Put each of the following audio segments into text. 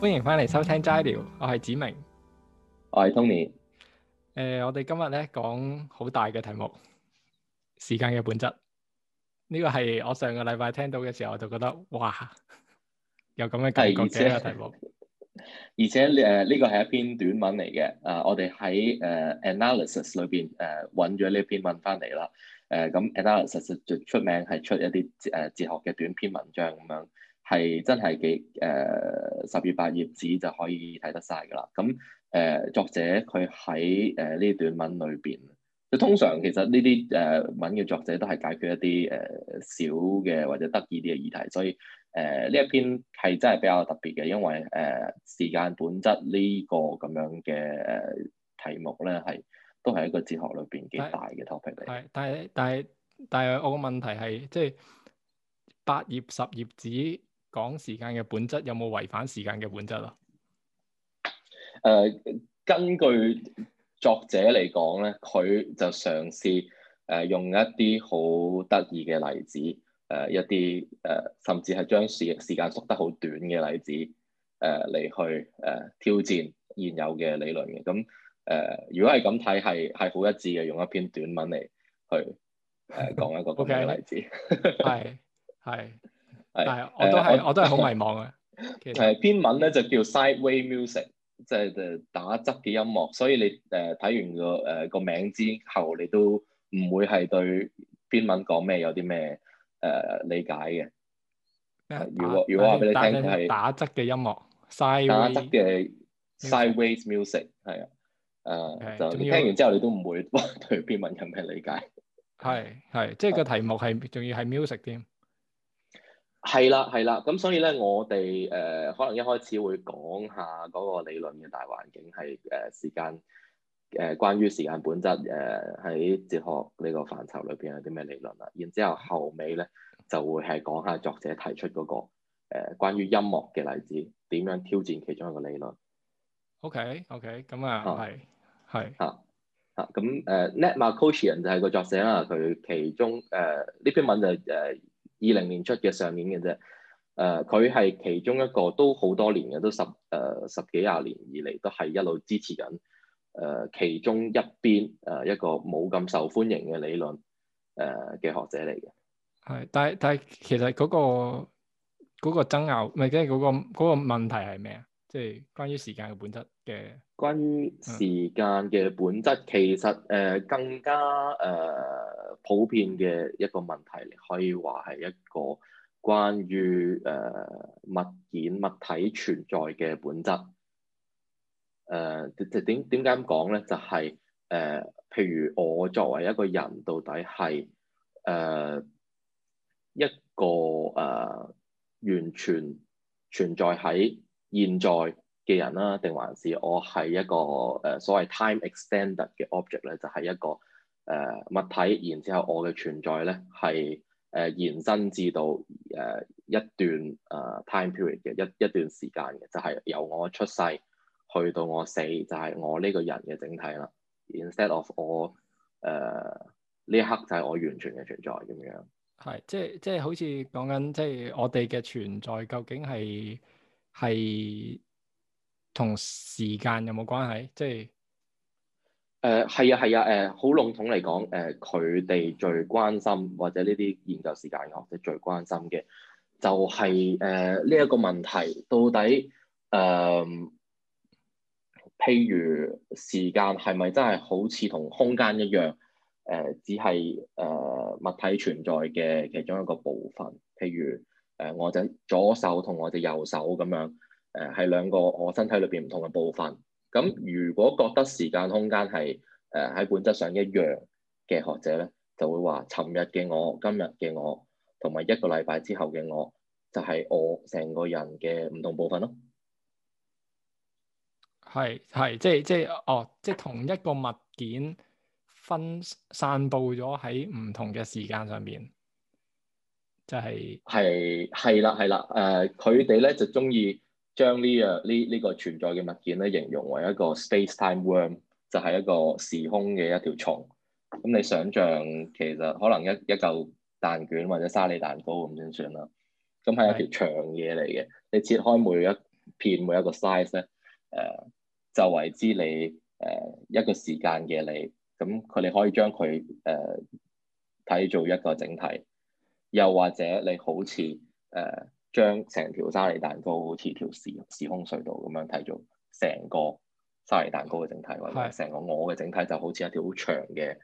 歡迎翻嚟收聽齋聊，我係梓明，我係 Tony。誒、呃，我哋今日咧講好大嘅題目，時間嘅本質。呢、這個係我上個禮拜聽到嘅時候，我就覺得哇，有咁嘅感覺嘅一個題目。而且誒，呢、呃這個係一篇短文嚟嘅。啊、呃，我哋喺誒 analysis 裏邊誒揾咗呢篇文翻嚟啦。誒、呃，咁 analysis 就出名係出一啲誒哲學嘅短篇文章咁樣。係真係幾誒、呃、十頁八頁紙就可以睇得晒㗎啦。咁誒、呃、作者佢喺誒呢段文裏邊，就通常其實呢啲誒文嘅作者都係解決一啲誒、呃、小嘅或者得意啲嘅議題，所以誒呢、呃、一篇係真係比較特別嘅，因為誒、呃、時間本質呢個咁樣嘅題目咧，係都係一個哲學裏邊幾大嘅 topic 嚟。但係但係但係我個問題係即係八頁十頁紙。講時間嘅本質有冇違反時間嘅本質啊？誒、呃，根據作者嚟講咧，佢就嘗試誒用一啲好得意嘅例子，誒、呃、一啲誒、呃、甚至係將時時間縮得好短嘅例子，誒、呃、嚟去，誒、呃、挑戰現有嘅理論嘅。咁誒、呃、如果係咁睇，係係好一致嘅，用一篇短文嚟去誒講、呃、一個咁嘅例子。係係 Okay. 係，我都係，我都係好迷茫啊！誒，篇文咧就叫 Sideway Music，即係誒打側嘅音樂，所以你誒睇完個誒個名之後，你都唔會係對篇文講咩有啲咩誒理解嘅。咩如果如果我話俾你聽，係打側嘅音樂，side 打側嘅 Sideways Music 係啊，誒就聽完之後你都唔會對篇文有咩理解。係係，即係個題目係仲要係 music 添。係啦，係啦，咁所以咧，我哋誒、呃、可能一開始會講下嗰個理論嘅大環境係誒、呃、時間誒、呃、關於時間本質誒喺、呃、哲學呢個範疇裏邊有啲咩理論啦，然之後後尾咧就會係講下作者提出嗰、那個誒、呃、關於音樂嘅例子，點樣挑戰其中一個理論。OK，OK，okay, okay, 咁啊係係吓吓咁誒，Ned Markosian 就係個作者啦，佢其中誒呢、呃、篇文就誒、是。呃啊二零年出嘅上年嘅啫，誒佢係其中一個都好多年嘅，都十誒、呃、十幾廿年以嚟都係一路支持緊誒、呃、其中一邊誒、呃、一個冇咁受歡迎嘅理論誒嘅學者嚟嘅。係，但係但係其實嗰、那個嗰、嗰個爭拗，唔係即係嗰、那個嗰、嗰個問題係咩啊？即係關於時間嘅本質嘅。關於時間嘅本質，嗯、其實誒、呃、更加誒。呃普遍嘅一個問題，可以話係一個關於誒、呃、物件物體存在嘅本質。誒、呃，點點點解咁講咧？就係、是、誒、呃，譬如我作為一個人，到底係誒、呃、一個誒、呃、完全存在喺現在嘅人啦，定還是我係一個誒所謂 time extended 嘅 object 咧？就係一個。呃誒、uh, 物體，然之後我嘅存在咧係誒延伸至到誒、呃、一段誒、呃、time period 嘅一一段時間嘅，就係、是、由我出世去到我死，就係、是、我呢個人嘅整體啦。Instead of 我誒呢刻就係我完全嘅存在咁樣。係即係即係好似講緊即係我哋嘅存在究竟係係同時間有冇關係？即係。誒係啊係啊，誒、啊呃、好籠統嚟講，誒佢哋最關心或者呢啲研究時間嘅學者最關心嘅，就係誒呢一個問題，到底誒、呃、譬如時間係咪真係好似同空間一樣，誒、呃、只係誒、呃、物體存在嘅其中一個部分？譬如誒、呃、我隻左手同我隻右手咁樣，誒係兩個我身體裏邊唔同嘅部分。咁如果覺得時間空間係誒喺本質上一樣嘅學者咧，就會話，尋日嘅我、今日嘅我同埋一個禮拜之後嘅我，就係、是、我成個人嘅唔同部分咯。係係，即係即係哦，即係同一個物件分散佈咗喺唔同嘅時間上邊，就係係係啦係啦誒，佢哋咧就鍾意。將呢樣呢呢個存在嘅物件咧，形容為一個 space-time worm，就係一個時空嘅一條蟲。咁你想象其實可能一一嚿蛋卷或者沙利蛋糕咁樣算啦。咁係一條長嘢嚟嘅，你切開每一片每一個 size 咧、呃，誒就為之你誒、呃、一個時間嘅你。咁佢哋可以將佢誒睇做一個整體，又或者你好似誒。呃將成條沙梨蛋糕好似條時時空隧道咁樣睇做成個沙梨蛋糕嘅整體，或者成個我嘅整體就好似一條好長嘅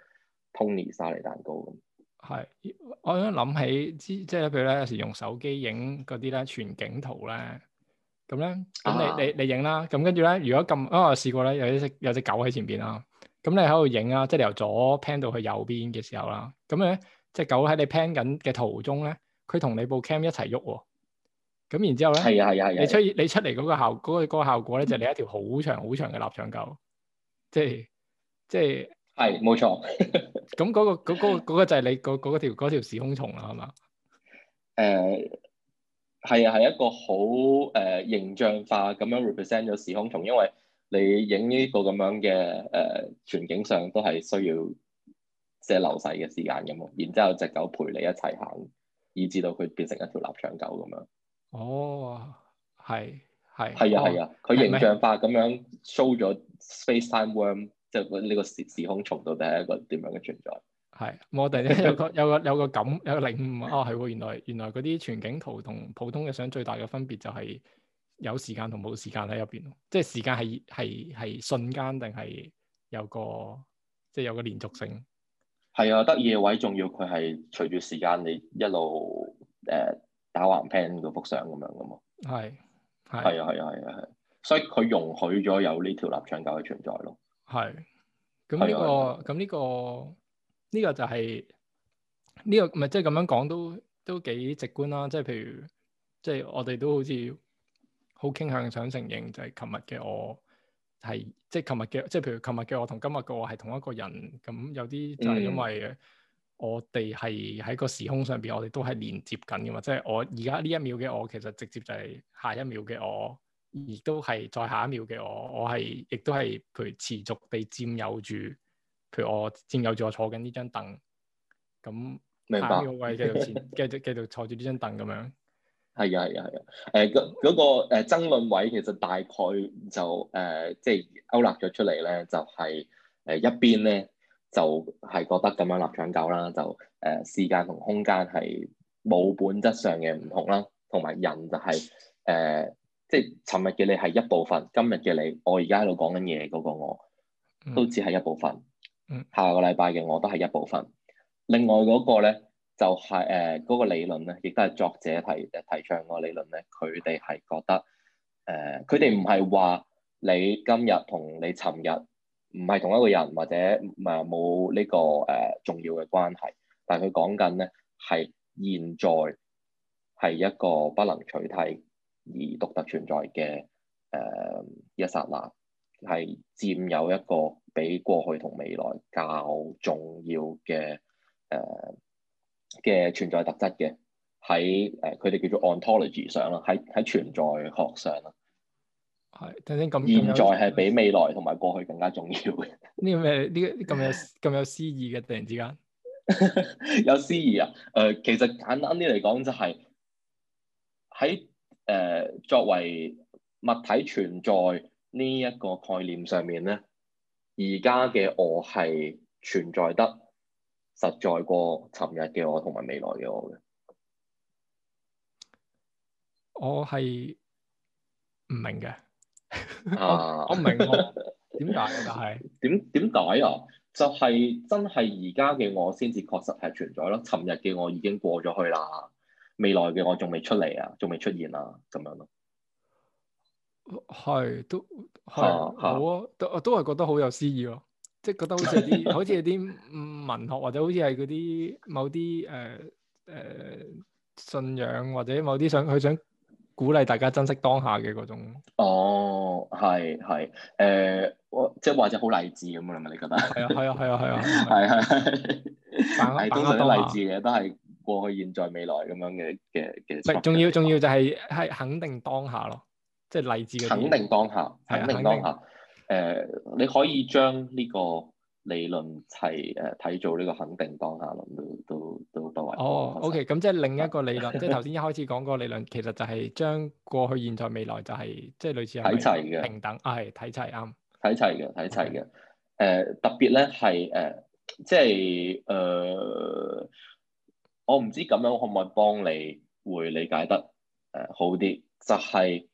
Tony 沙梨蛋糕咁。係，我想諗起之即係譬如咧，有時用手機影嗰啲咧全景圖咧，咁咧咁你、啊、你你影啦，咁跟住咧，如果咁，啊、哦，我試過咧，有一隻有一隻狗喺前邊啦，咁你喺度影啊，即係由左 pan 到去右邊嘅時候啦，咁咧隻狗喺你 pan 緊嘅途中咧，佢同你部 cam 一齊喐喎。咁然之後咧，係啊係啊係啊！你出你出嚟嗰個效嗰、那個效果咧，就係你一條好長好長嘅臘腸狗，即係即係係冇錯。咁嗰、 那個嗰、那個那個、就係你嗰嗰條時空蟲啦，係嘛？誒係啊，係一個好誒、呃、形象化咁樣 represent 咗時空蟲，因為你影呢個咁樣嘅誒、呃、全景上都係需要即係流逝嘅時間嘅嘛。然之後隻狗陪你一齊行，以至到佢變成一條臘腸狗咁樣。哦，係係係啊係啊，佢、哦、嗎形象化咁樣 show 咗 space-time worm 即係呢個時時空蟲到底係一個點樣嘅存在？係、嗯，我突然有個 有個有個感，有個領悟啊，係、哦、喎，原來原來嗰啲全景圖同普通嘅相最大嘅分別就係有時間同冇時間喺入邊，即、就、係、是、時間係係係瞬間定係有個即係、就是、有個連續性？係啊，得意嘅位仲要，佢係隨住時間你一路誒。呃打橫 pan 嗰幅相咁樣噶嘛？係係啊係啊係啊係、啊，所以佢容許咗有呢條立場狗嘅存在咯。係，咁呢、呢個咁呢、啊啊啊呢個呢、呢個就係、是、呢、呢個咪即係咁樣講都都幾直觀啦。即、就、係、是、譬如，即、就、係、是、我哋都好似好傾向想承認就，就係琴日嘅我係即係琴日嘅，即係譬如琴日嘅我同今日嘅我係同一個人。咁有啲就係因為。嗯我哋係喺個時空上邊，我哋都係連接緊嘅嘛。即係我而家呢一秒嘅我，其實直接就係下一秒嘅我，亦都係再下一秒嘅我。我係亦都係，譬如持續地佔有住，譬如我佔有住我坐緊呢張凳。咁明白。繼續前，繼續繼續坐住呢張凳咁樣。係啊係啊係啊。誒嗰嗰個誒、呃、爭論位其實大概就誒即係勾勒咗出嚟咧，就係誒一邊咧。嗯就係覺得咁樣立場夠啦，就誒、呃、時間同空間係冇本質上嘅唔同啦，同埋人就係、是、誒，即係尋日嘅你係一部分，今日嘅你，我而家喺度講緊嘢嗰個我，都只係一部分。下個禮拜嘅我都係一部分。另外嗰個咧就係誒嗰個理論咧，亦都係作者提誒提倡個理論咧，佢哋係覺得誒，佢哋唔係話你今日同你尋日，唔係同一個人，或者唔係冇呢個誒重要嘅關係，但係佢講緊咧，係現在係一個不能取替而獨特存在嘅誒一剎那，係佔有一個比過去同未來較重要嘅誒嘅存在特質嘅，喺誒佢哋叫做 ontology 上啦，喺喺存在學上啦。係，頭先咁現在係比未來同埋過去更加重要嘅。呢個咩？呢咁有咁有詩意嘅？突然之間有詩意 啊？誒、呃，其實簡單啲嚟講，就係喺誒作為物體存在呢一個概念上面咧，而家嘅我係存在得實在過尋日嘅我同埋未來嘅我嘅。我係唔明嘅。啊！ 我唔明喎，點解但就係點點解啊？就係、是 就是、真係而家嘅我先至確實係存在咯，尋日嘅我已經過咗去啦，未來嘅我仲未出嚟啊，仲未出現啦，咁樣咯。係都係好啊，都 我我都係覺、就是、覺得好有詩意咯，即係覺得好似啲，好似啲文學或者好似係嗰啲某啲誒誒信仰或者某啲想佢想。鼓勵大家珍惜當下嘅嗰種哦，係係，誒、呃，即係或者好勵志咁樣嘅，你覺得？係啊係啊係啊係啊係係，係當然啲勵志嘅都係過去、現在、未來咁樣嘅嘅嘅。唔係，仲要仲要就係係肯定當下咯，嗯、即係勵志嘅肯定當下，肯定當下。誒、啊呃，你可以將呢個。理論齊誒睇做呢個肯定當下諗都都都都係哦，OK，咁是即係另一個理論， 即係頭先一開始講嗰個理論，其實就係將過去、現在，在、未來就係、是、即係類似睇齊嘅平等啊，係睇齊啱，睇齊嘅睇齊嘅誒 Okay.、呃，特別咧係誒，即係誒，我唔知咁樣可唔可以幫你會理解得誒、呃、好啲，就係、是、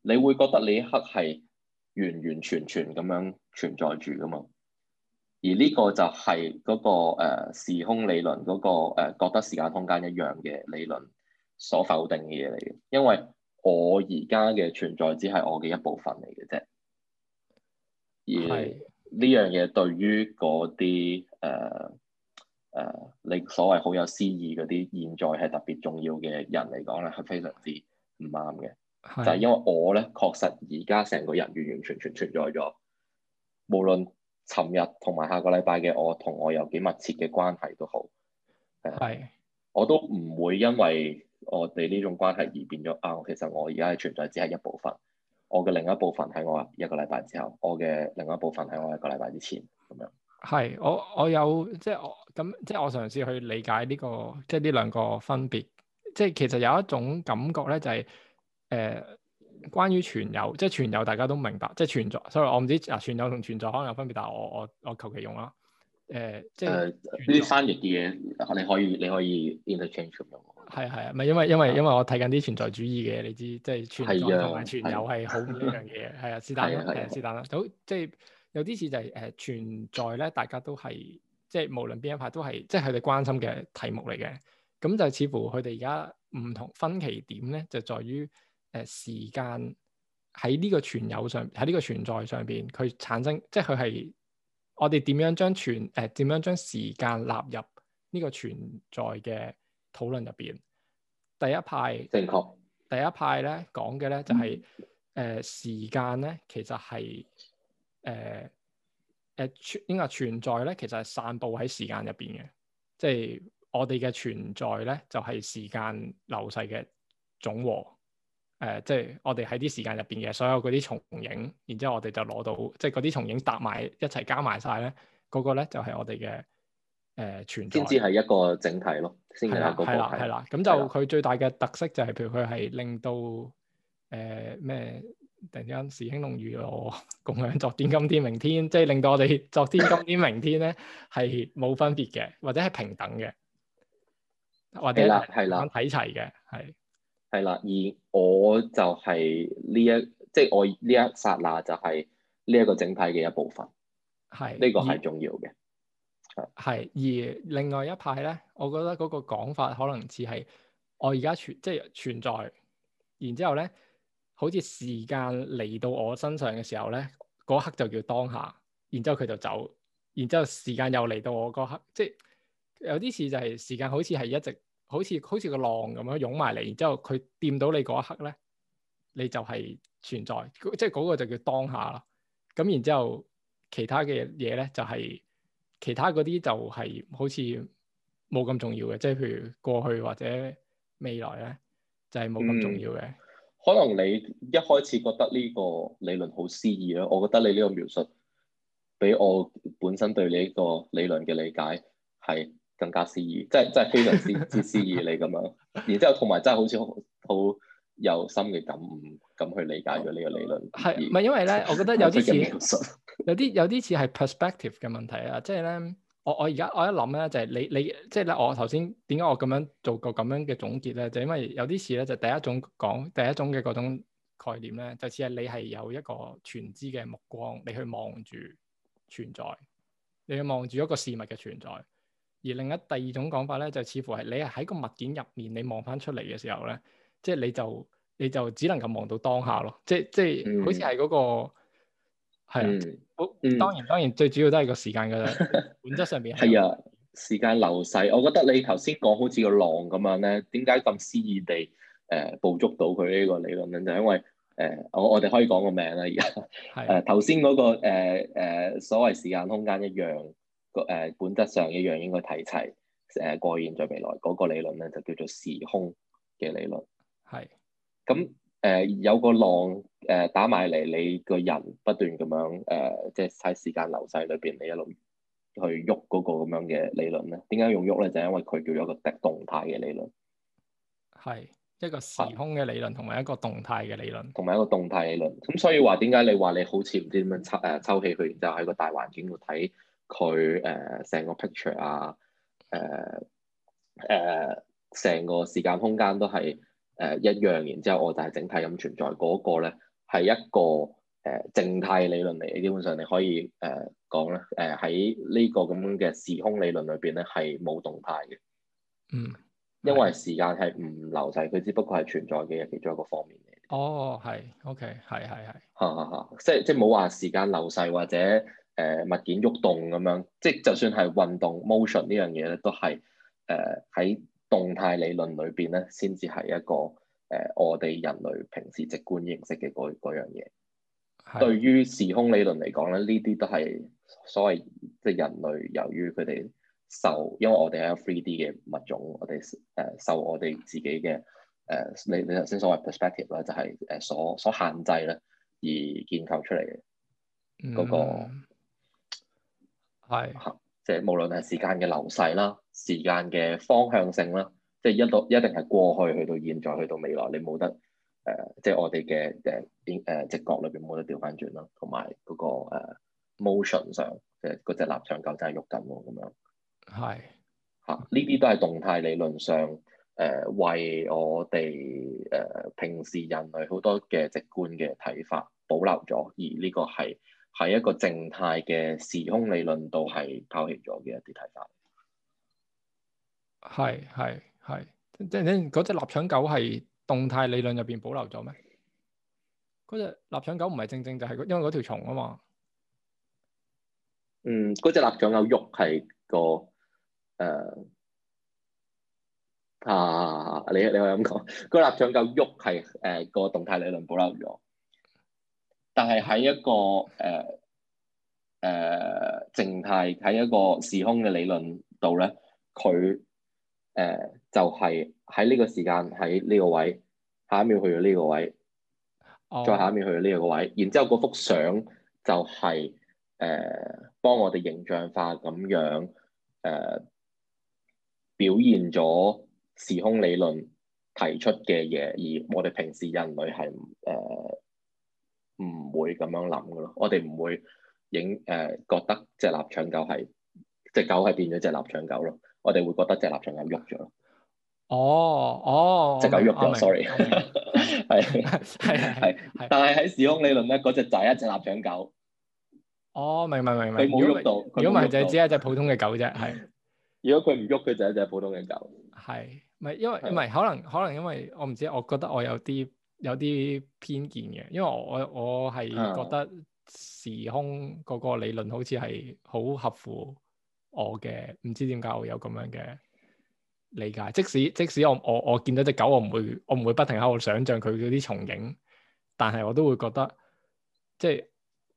你會覺得你一刻係完完全全咁樣存在住噶嘛？而呢個就係嗰、那個誒、呃、時空理論嗰、那個誒、呃、覺得時間空間一樣嘅理論所否定嘅嘢嚟嘅，因為我而家嘅存在只係我嘅一部分嚟嘅啫。而呢是的 樣嘢對於嗰啲誒誒你所謂好有詩意嗰啲現在係特別重要嘅人嚟講咧，係非常之唔啱嘅，是的 就係因為我咧確實而家成個人完完全全存在咗，無論，尋日同埋下個禮拜嘅我同我有幾密切嘅關係都好，係，我都唔會因為我哋呢種關係而變咗啊！其實我而家嘅存在只係一部分，我嘅另一部分喺我一個禮拜之後，我嘅另一部分喺我一個禮拜之前咁樣。係，我我有即係我咁即係我嘗試去理解呢個即係呢兩個分別，即係其實有一種感覺咧就係誒。呃關於存有，即係存有，大家都明白，即係存在。所以我唔知啊，存有同存在可能有分別，但係我我我求其用啦。誒、呃，即係呢啲翻譯嘅嘢，你可以你可以 interchange 用。係係啊，咪因為因為因為我睇緊啲存在主義嘅，你知即係存在同埋存有係好呢樣嘢。係啊，是但啦，係啊， 是但啦。好，即係有啲事就係誒存在咧，大家都係即係無論邊一派都係，即係佢哋關心嘅題目嚟嘅。咁就似乎佢哋而家唔同分歧點咧，就在於。誒，時間喺呢個存有上，喺呢個存在上邊，佢產生，即係佢係我哋點樣將存誒，點、呃、樣將時間納入呢個存在嘅討論入邊？第一派正確好，第一派咧講嘅咧就係、是、誒、嗯呃，時間咧其實係誒誒，應該存在咧，其實係散布喺時間入邊嘅，即係我哋嘅存在咧就係、是就是、時間流逝嘅總和。誒、呃，即係我哋喺啲時間入邊嘅所有嗰啲重影，然之後我哋就攞到，即係嗰啲重影搭埋一齊加埋晒咧，嗰個咧就係我哋嘅誒全，先至係一個整體咯。係啦，係啦、啊，係啦、啊。咁、啊、就佢最大嘅特色就係，譬如佢係令到誒咩、呃？突然間時空論要我共享昨天、今天、明天，即係令到我哋昨天、今天、明天咧係冇分別嘅，或者係平等嘅，或者係睇齊嘅，係、啊。係啦，而我就係呢一，即係我呢一剎那就係呢一個整體嘅一部分，係呢個係重要嘅。係而，是而另外一派咧，我覺得嗰個講法可能似係我而家存，即係存在。然之後咧，好似時間嚟到我身上嘅時候咧，嗰刻就叫當下。然之後佢就走，然之後時間又嚟到我嗰刻，即係有啲事就係時間好似係一直。好似好似個浪咁樣湧埋嚟，然之後佢掂到你嗰一刻咧，你就係存在，即係嗰個就叫當下咯。咁然之後其他嘅嘢咧，就係、是、其他嗰啲就係、是、好似冇咁重要嘅，即係譬如過去或者未來咧，就係冇咁重要嘅、嗯。可能你一開始覺得呢個理論好詩意咯，我覺得你呢個描述，俾我本身對你呢個理論嘅理解係，更加詩意，即係即係非常之之詩意你咁樣，然之後同埋真係好似好有心嘅感悟咁去理解咗呢個理論。係唔係因為咧？我覺得有啲似 有啲有啲似係 perspective 嘅問題啊！即係咧，我我而家我一諗咧，就係、是、你你即係咧，就是、我頭先點解我咁樣做個咁樣嘅總結咧？就是、因為有啲事咧，就第一種講第一種嘅嗰種概念咧，就似係你係有一個全知嘅目光，你去望住存在，你去望住一個事物嘅存在。而另一第二種講法咧，就是、似乎係你係喺個物件入面，你望翻出嚟嘅時候咧，即係你就你就只能夠望到當下咯。即係即係好似係嗰個、嗯、啊。好當然當然，當然最主要都係個時間㗎喇，本質上邊。係啊，時間流逝。我覺得你頭先講好似個浪咁樣咧，點解咁肆意地誒捕捉到佢呢個理論咧？就因為誒、呃、我我哋可以講個名啦，而家誒頭先嗰個誒、呃呃、所謂時間空間一樣。誒，本質上一樣應該睇齊誒、呃，過現在未來嗰、那個理論咧，就叫做時空嘅理論。係咁誒，有個浪誒、呃、打埋嚟，你個人不斷咁樣誒，即係嘥時間流逝裏邊，你一路去喐嗰個咁樣嘅理論咧。點解用喐咧？就是、因為佢叫咗一個動態嘅理論，係一個時空嘅理論，同埋一個動態嘅理論，同埋、啊、一個動態理論。咁所以話點解你話你好似唔知點樣抽誒、啊、抽起佢，然之後喺個大環境度睇？佢誒成個 picture 啊、呃，誒誒成個時間空間都係誒、呃、一樣，然之後我就係整體咁存在嗰、那個咧，係一個誒靜態理論嚟。基本上你可以誒講咧，誒喺呢個咁樣嘅時空理論裏邊咧，係冇動態嘅。嗯，因為時間係唔流逝，佢只不過係存在嘅其中一個方面嚟。哦，係，OK，係係係。嚇嚇嚇！即係即係冇話時間流逝或者。誒、呃、物件喐動咁樣，即係就算係運動 motion 呢樣嘢咧，都係誒喺動態理論裏邊咧，先至係一個誒、呃、我哋人類平時直觀認識嘅嗰、嗰個、樣嘢。的對於時空理論嚟講咧，呢啲都係所謂即係人類由於佢哋受，因為我哋係有 three D 嘅物種，我哋誒受我哋自己嘅誒、呃、你你頭先所謂 perspective 啦，就係誒所所限制咧而建構出嚟嘅嗰個。嗯係，是即係無論係時間嘅流逝啦，時間嘅方向性啦，即係一到一定係過去去到現在去到未來，你冇得誒，即係我哋嘅誒，誒、呃、直覺裏邊冇得調翻轉啦，同埋嗰個誒、呃、motion 上嘅嗰隻臘腸狗真係喐緊喎，咁樣係，吓呢啲都係動態理論上誒、呃、為我哋誒、呃、平時人類好多嘅直觀嘅睇法保留咗，而呢個係。係一個靜態嘅時空理論度係拋棄咗嘅一啲睇法。係、係、係，即係嗰隻臘腸狗係動態理論入邊保留咗咩？嗰隻臘腸狗唔係正正就係、是、因為嗰條蟲啊嘛。嗯，嗰隻臘腸狗喐係個誒、呃、啊，你你可以咁講，個臘腸狗喐係誒個動態理論保留咗。但係喺一個誒誒靜態喺一個時空嘅理論度咧，佢誒、呃、就係喺呢個時間喺呢個位，下一秒去到呢個位，再下一秒去到呢個位，Oh. 然之後嗰幅相就係誒幫我哋形象化咁樣誒、呃、表現咗時空理論提出嘅嘢，而我哋平時人類係誒。呃唔會咁樣諗噶咯，我哋唔會影誒覺得隻臘腸狗係隻狗係變咗隻臘腸狗咯，我哋會覺得隻臘腸狗喐咗咯。哦哦，隻狗喐咗，sorry，係係係。但係喺時空理論咧，嗰隻就係一隻臘腸狗。哦，明明明明，冇喐到。如果唔係就只係一隻普通嘅狗啫，係。如果佢唔喐，佢就係一隻普通嘅狗。係，唔係因為唔係可能可能因為我唔知，我覺得我有啲。有啲偏見嘅，因為我我我係覺得時空嗰個理論好似係好合乎我嘅，唔知點解我有咁樣嘅理解。即使即使我我我見到隻狗，我唔會我唔會不停喺度想象佢嗰啲重影，但係我都會覺得即係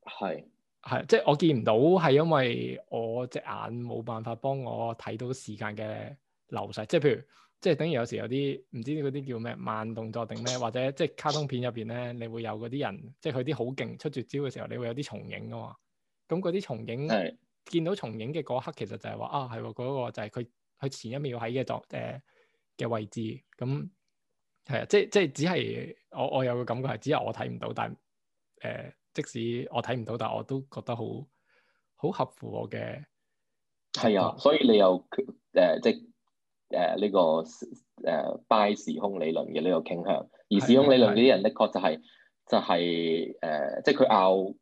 係是即係我見唔到，係因為我隻眼冇辦法幫我睇到時間嘅流逝，即係譬如。即係等於有時有啲唔知嗰啲叫咩慢動作定咩，或者即係卡通片入邊咧，你會有嗰啲人，即係佢啲好勁出絕招嘅時候，你會有啲重影噶嘛。咁嗰啲重影，的見到重影嘅嗰刻，其實就係話啊，係喎，嗰、嗰個就係佢佢前一秒喺嘅作誒嘅、呃、位置。咁係啊，即係即係只係我我有個感覺係，只有我睇唔到，但誒、呃、即使我睇唔到，但我都覺得好好合乎我嘅。係啊，所以你又誒、呃、即誒呢、呃這個誒、呃、拜時空理論嘅呢個傾向，而時空理論嘅啲人的確就係、是、的就係、是、誒，即係佢拗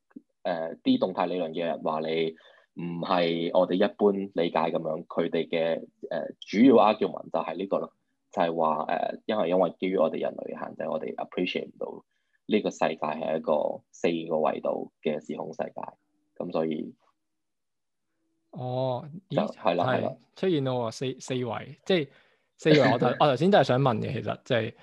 誒啲動態理論嘅人話你唔係我哋一般理解咁樣，佢哋嘅誒主要 argument 就係呢、這個咯，就係話誒，因為因為基於我哋人類嘅限制，我哋 appreciate 唔到呢個世界係一個四個維度嘅時空世界，咁所以。哦，咦，係啦，係出現到四四維，即係四維。 我頭我頭先都係想問嘅，其實、就是、即係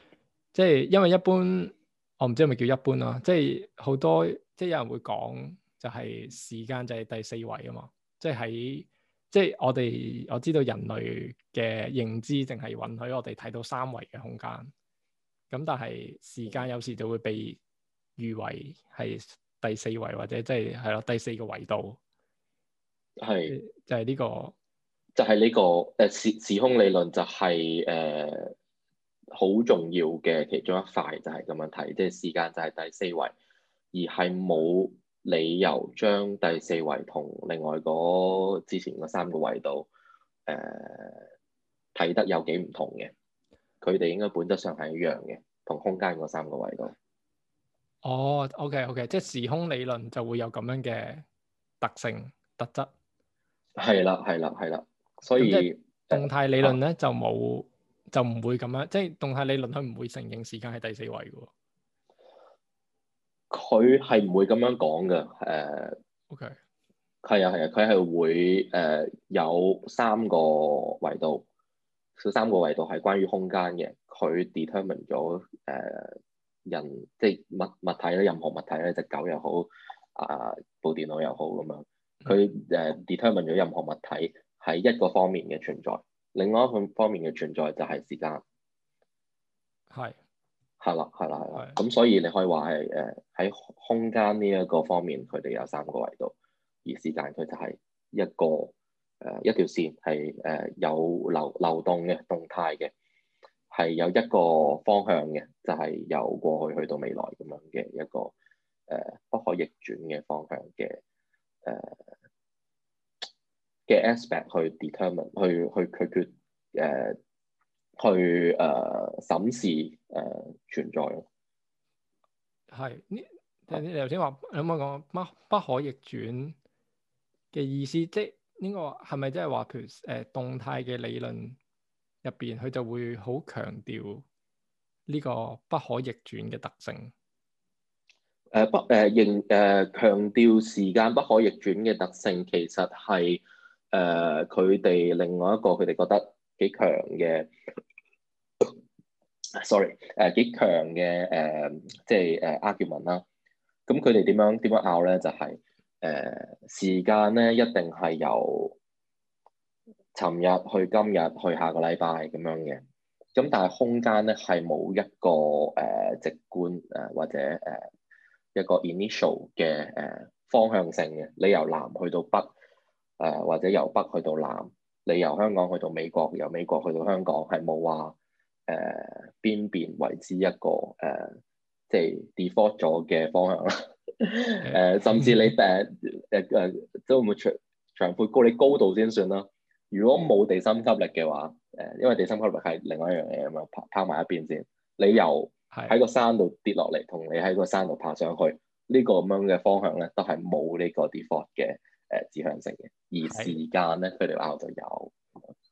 即係，因為一般我唔知係咪叫一般啦，即係好多即係有人會講，就係時間就係第四維啊嘛，即係喺即係我哋我知道人類嘅認知淨係允許我哋睇到三維嘅空間，咁但係時間有時就會被譽為係第四維或者即係係咯第四個維度。係是就係呢、這個，就係呢、這個誒時、呃、時空理論就係誒好重要嘅其中一塊就係、是、咁樣睇，即、就、係、是、時間就係第四維，而係冇理由將第四維同另外嗰之前個三個維度誒睇、呃、得有幾唔同嘅，佢哋應該本質上係一樣嘅，同空間嗰三個維度。哦，OK OK，即係時空理論就會有咁樣嘅特性特質。係啦，係啦，係啦，所以動態理論咧、嗯、就冇就唔會咁樣，啊、即係動態理論佢唔會承認時間係第四位嘅喎。佢係唔會咁樣講嘅，誒、呃、OK，係啊，係啊，佢係會誒、呃、有三個維度，三個維度係關於空間嘅，佢 determine 咗誒、呃、人即係物物體咧，任何物體咧，隻狗又好啊，部、呃、電腦又好咁樣。佢誒，determine 咗任何物體喺一個方面嘅存在，另外一方面嘅存在就係時間。係的，係啦，係啦，係啦。咁的、嗯、所以你可以話係誒喺空間呢一個方面，佢哋有三個維度，而時間佢就係一個誒、呃、一條線，係、呃、誒有流流動嘅動態嘅，係有一個方向嘅，就係、是、由過去去到未來咁樣嘅一個誒、呃、不可逆轉嘅方向嘅。誒嘅 aspect 去 determine、uh, 去去拒絕誒去誒審視誒、呃、存在係呢 音 ichi？你頭先話有冇講不不可逆轉嘅意思？即係呢個係咪即係話？譬如誒、uh, 動態嘅理論入邊，佢就會好強調呢個不可逆轉嘅特性。誒，不誒、呃，認誒強調時間不可逆轉嘅特性，其實係誒佢哋另外一個佢哋覺得幾強嘅。sorry，誒幾強嘅誒，即係誒 argument 啦。咁佢哋點樣點樣拗咧？就係、是、誒、呃、時間咧一定係由尋日去今日去下個禮拜咁樣嘅，咁但係空間咧係冇一個誒、呃、直觀誒、呃、或者誒。呃一個 initial 嘅誒、呃、方向性嘅，你由南去到北，誒、呃、或者由北去到南，你由香港去到美國，由美國去到香港，係冇話誒邊邊為之一個誒、呃、即係 default 咗嘅方向啦。誒、 呃、 甚至你誒誒誒都會，唔會長長闊高，你高度先算啦。如果冇地心吸力嘅話，誒、呃、因為地心吸力係另外一樣嘢，咁樣拋拋埋一邊先，你由喺個山度跌落嚟，同你喺個山度爬上去，呢個咁樣嘅方向咧，都係冇呢個 default 嘅誒、呃、指向性嘅。而時間咧，佢哋話我就有，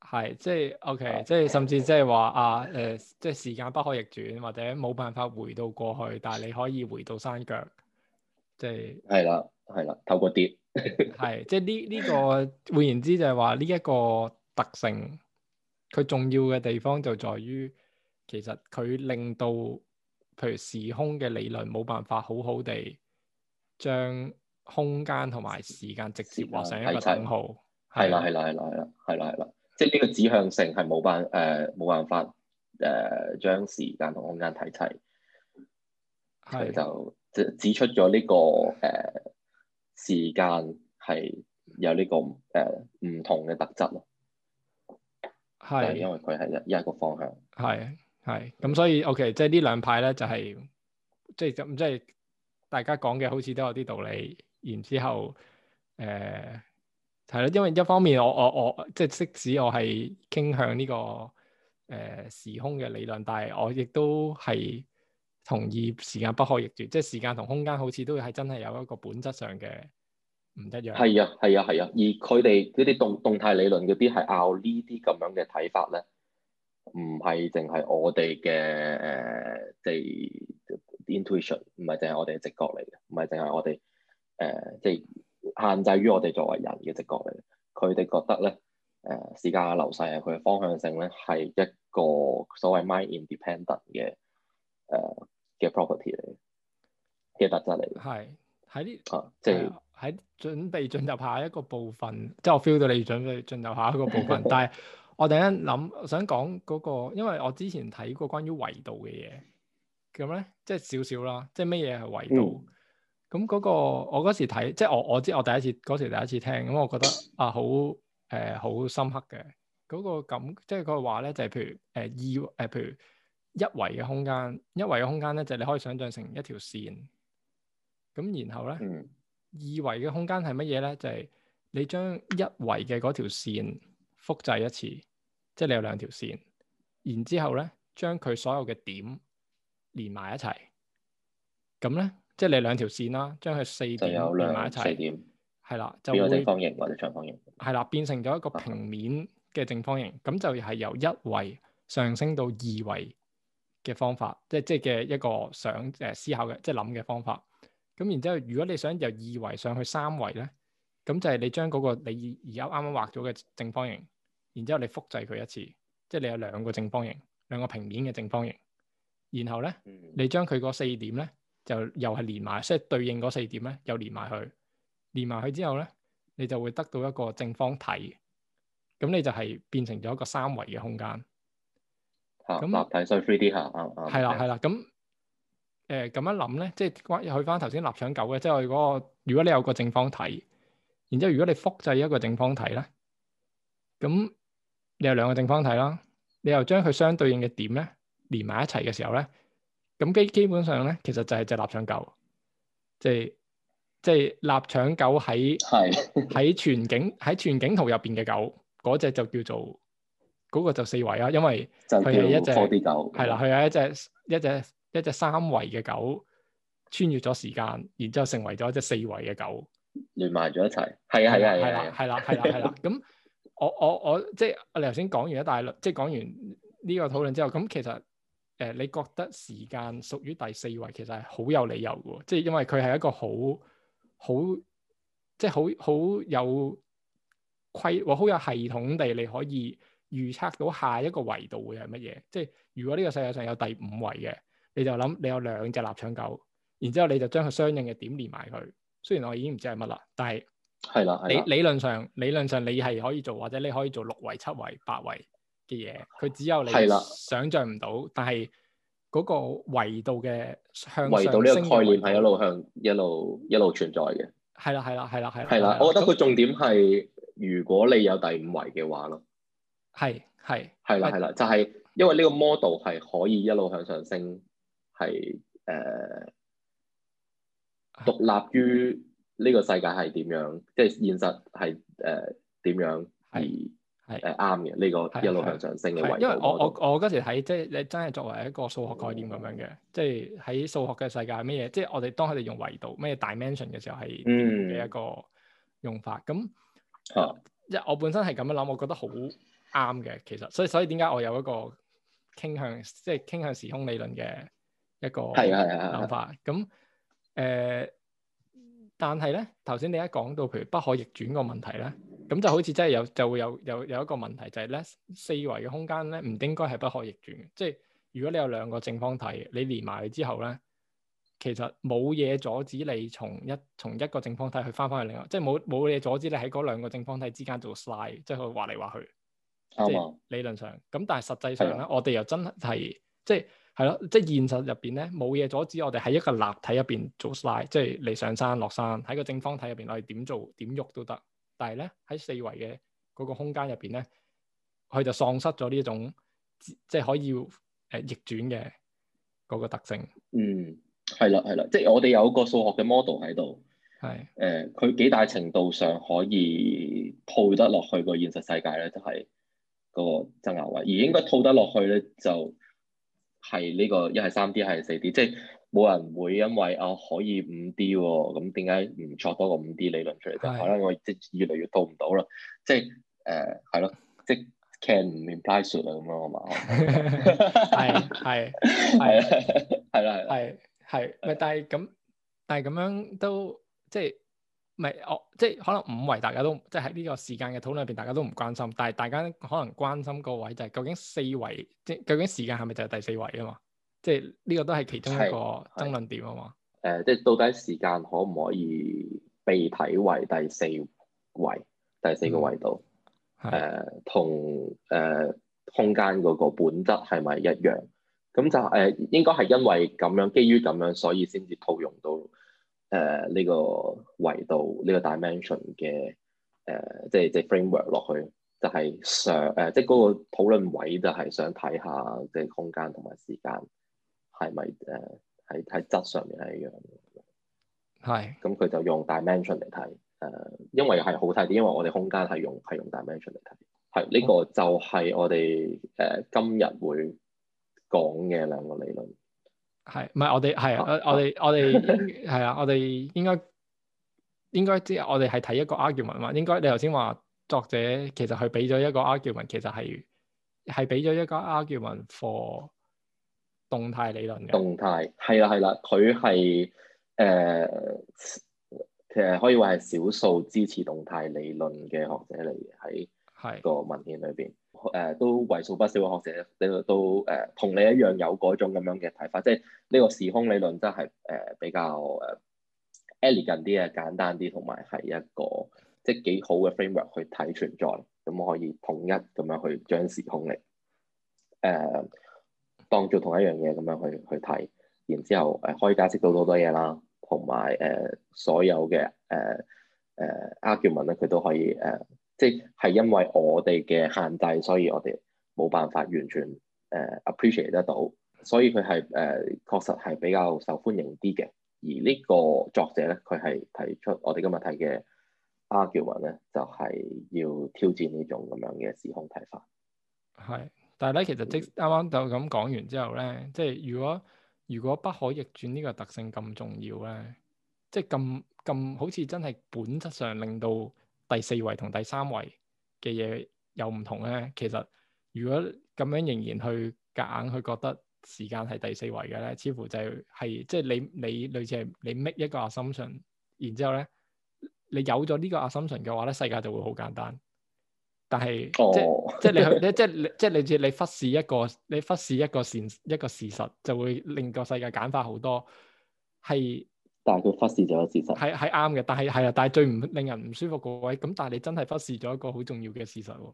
係即係 OK，嗯、即係甚至即係話啊誒、呃，即係時間不可逆轉，或者冇辦法回到過去，但係你可以回到山腳，即係係啦，係啦，透過跌係， 即係呢呢個換言之就係話呢一個特性，佢 重要嘅地方就在於，其實佢令到。譬如時空嘅理論冇辦法好好地將空間同埋時間直接畫上一個等號，係啦係啦係啦係啦係啦係啦，即係呢個指向性係冇辦誒冇辦法誒、呃呃、將時間同空間睇齊，係的就即指出咗呢、這個呢個誒、呃、時間係有呢、呢個誒唔、呃、同嘅特質咯，係的因為佢係一個方向，係。係，咁所以 OK，即係呢兩派咧，就係即係咁，即係大家講嘅，好似都有啲道理。然之後，誒、呃，係咯，因為一方面我，我我我，即係即使我係傾向呢、呢個誒、呃、時空嘅理論，但係我亦都係同意時間不可逆轉，即係時間同空間好似都係真係有一個本質上嘅唔一樣。係啊，係啊，係啊，而佢哋嗰啲動動態理論嗰啲，係拗這這呢啲咁樣嘅睇法咧。唔係淨係我哋嘅誒，即、就是、intuition，唔係淨係我哋嘅直覺嚟嘅，唔係淨係我哋誒，即、呃、係、就是、限制於我哋作為人嘅直覺嚟嘅。佢哋覺得咧，誒、呃、時間流逝係佢嘅方向性咧，係一個所謂 mind-independent 嘅誒嘅、呃、property 嚟嘅特質嚟嘅。係喺啊，即係喺準備進入下一個部分， 即係我 feel 到你準備進入下一個部分，但係。 我突然間諗想講嗰、那個，因為我之前睇過關於維度嘅嘢，咁咧即係少少啦，即係乜嘢係維度？咁嗰、嗯那個我嗰時睇，即係我我知我第一次嗰時第一次聽，咁我覺得啊好誒、呃、好深刻嘅嗰、那個感，即係個話咧就係、是、譬如誒、呃、二誒、呃、譬如一維嘅空間，一維嘅空間咧就是、你可以想象成一條線，咁然後咧、嗯、二維嘅空間係乜嘢咧？就係、是、你將一維嘅嗰條線。複製一次，即係你有兩條線，然之後咧將佢所有嘅點連埋一齊，咁咧即係你兩條線啦，將佢四點連埋一齊，四點係啦，就變個正方形或者長方形，係啦，變成咗一個平面嘅正方形，咁、啊、就係由一維上升到二維嘅方法，即係即係嘅一個想誒、呃、思考嘅即係諗嘅方法。咁然之後，如果你想由二維上去三維咧，咁就係你將嗰個你而家啱啱畫咗嘅正方形。然之後你複製佢一次，即係你有兩個正方形，兩個平面嘅正方形。然後咧，嗯、你將佢嗰四點咧，就又係連埋，即、就、係、是、對應嗰四點咧，又連埋去，連埋去之後咧，你就會得到一個正方體。咁你就係變成咗一個三維嘅空間。吓、啊，那立體所以 three D 吓，啱啱。係啦，係啦。咁，誒，咁、呃、一諗咧，即係關去翻頭先立場九嘅，即係我嗰個，如果你有個正方體，然之後如果你複製一個正方體咧，咁。你有兩個正方體啦，你又將佢相對應嘅點咧連埋一齊嘅時候咧，咁基基本上咧，其實就係隻臘腸狗，即係即係臘腸狗喺喺全景喺全景圖入邊嘅狗，嗰隻就叫做嗰個，就四維啦，因為佢係一隻係啦，佢係一隻一隻一隻三維嘅狗穿越咗時間，然之後成為咗一隻四維嘅狗，連埋咗一齊。係啊，係啊，係啊，係啦，係啦，係啦咁。我我我即係你頭先講完一大輪，即係講完呢個討論之後，咁其實誒，你覺得時間屬於第四維，其實係好有理由嘅，即係因為佢係一個好好即係好好有規，我好有系統地你可以預測到下一個維度會係乜嘢。即係如果呢個世界上有第五維嘅，你就諗你有兩隻臘腸狗，然之後你就將佢相應嘅點連埋佢。雖然我已經唔知係乜啦，但係。係啦，理理論上理論上你係可以做或者你可以做六維七維八維嘅嘢，佢只有你想象唔到，但係嗰個維度嘅向維度呢個概念係一路向一路一路存在嘅。係啦係啦係啦係。係啦，我覺得個重點係如果你有第五維嘅話咯。係係係啦係啦，就係因為呢個 model 係可以一路向上升，係誒獨立於。呢個世界係點樣？即係現實係誒點樣而係誒啱嘅？呢個一路向上升嘅。因為我我我嗰時睇即係你真係作為一個數學概念咁樣嘅，即係喺數學嘅世界咩嘢？即係我哋當佢哋用維度咩嘢 dimension 嘅時候係嘅一個用法。咁、嗯，即係、呃啊、我本身係咁樣諗，我覺得好啱嘅。其實，所以所以點解我有一個傾向，即係傾向時空理論嘅一個諗法。咁誒、嗯。但係咧，頭先你一講到譬如不可逆轉個問題咧，咁就好似真係有就會有有有一個問題就係、是、咧四維嘅空間咧唔應該係不可逆轉嘅，即係如果你有兩個正方體，你連埋佢之後咧，其實冇嘢阻止你從一從一個正方體去翻翻去另外，即係冇冇嘢阻止你喺嗰兩個正方體之間做 slide，即係滑嚟滑去。啱啊！理論上，咁但係實際上咧，的我哋又真係即係。係咯， 即係現實入邊咧，冇嘢阻止我哋喺一個立體入邊做 slide，即係你上山落山喺個正方體入邊，我哋點做點喐都得。但係咧喺四維嘅嗰個空間入邊咧，佢就喪失咗呢一種即係可以誒逆轉嘅嗰個特性。嗯，係啦係啦，即係我哋有個數學嘅 model 喺度，係誒的，佢、呃、幾大程度上可以套得落去個現實世界咧，就係、是、嗰個爭拗位。而應該套得落去咧就。係呢、這個一係三 D，係四 D，即係冇人會因為、嗯、啊可以五 D 喎、哦，咁點解唔作多個五 D 理論出嚟？就可能我即越嚟越到唔到啦，即係誒係咯，即係 can 唔 i m p l y e s s 啊咁樣啊嘛，係啊係係啊係啦係啦係但係咁，但係咁樣，樣都即係。唔係、哦、即係可能五維大家都即係喺呢個時間嘅討論入邊大家都唔關心，但係大家可能關心個位就係究竟四維即係究竟時間係咪就係第四維啊嘛？即係呢個都係其中一個爭論點啊嘛。誒嗎、呃，即係到底時間可唔可以被睇為第四維、第四個維度？誒、嗯，同誒、呃呃、空間嗰個本質係咪一樣？咁就誒、呃、應該係因為咁樣，基於咁樣，所以先至套用到。誒呢、uh, 個維度呢、這個 dimension 嘅誒、uh,，即係即係 framework 落去，就係想誒，uh, 即係嗰個討論位就係想睇下即係空間同埋時間，係咪誒喺喺質上面係一樣。係是，咁佢就用 dimension 嚟睇，誒、uh,，因為係好睇啲，因為我哋空間係用係用 dimension 嚟睇。係呢、這個就係我哋誒、uh, 今日會講嘅兩個理論。係，唔係我哋係啊。我哋我哋係啊，我哋應該應該知我哋係睇一個 argument 嘛，應該你頭先話作者其實佢俾咗一個 argument，其實係係俾咗一個 argument for 動態理論嘅。動態係啦係啦，佢係誒其實可以話係少數支持動態理論嘅學者嚟嘅喺個文獻裏邊。誒、呃、都為數不少嘅學者，你都誒、呃、同你一樣有嗰種咁樣嘅睇法，即係呢個時空理論真係誒、呃、比較誒、呃、elegant 啲啊，簡單啲，同埋係一個即係幾好嘅 framework 去睇存在，咁可以統一咁樣去將時空力誒、呃、當做同一樣嘢咁樣去去睇，然之後誒可以解釋到好多嘢啦，同埋誒所有嘅誒誒 argument 咧，佢都可以誒。呃係因為我哋嘅限制，所以我哋冇辦法完全誒、呃、appreciate 得到，所以佢係誒確實係比較受歡迎啲嘅。而呢個作者咧，佢係提出我哋今日睇嘅 argument 咧，就係、是、要挑戰呢種咁樣嘅時空睇法。係，但係咧，其實即啱啱就咁講完之後咧，即係如果如果不可逆轉呢個特性咁重要咧，即係咁咁好似真係本質上令到第四維同第三維嘅嘢有唔同咧，其實如果咁樣仍然去夾硬去覺得時間係第四維嘅咧，似乎就係係即係你你類似係你 make 一個 assumption，然之後咧你有咗呢個 assumption 嘅話咧，世界就會好簡單。但係、哦、即 即係你去咧，即係即係類似你忽視一個你忽視一個事一個事實，就會令個世界簡化好多。係。但係佢忽視咗事實係係啱嘅，但係係啊，但係最唔令人唔舒服個位咁，但係你真係忽視咗一個好重要嘅事實喎。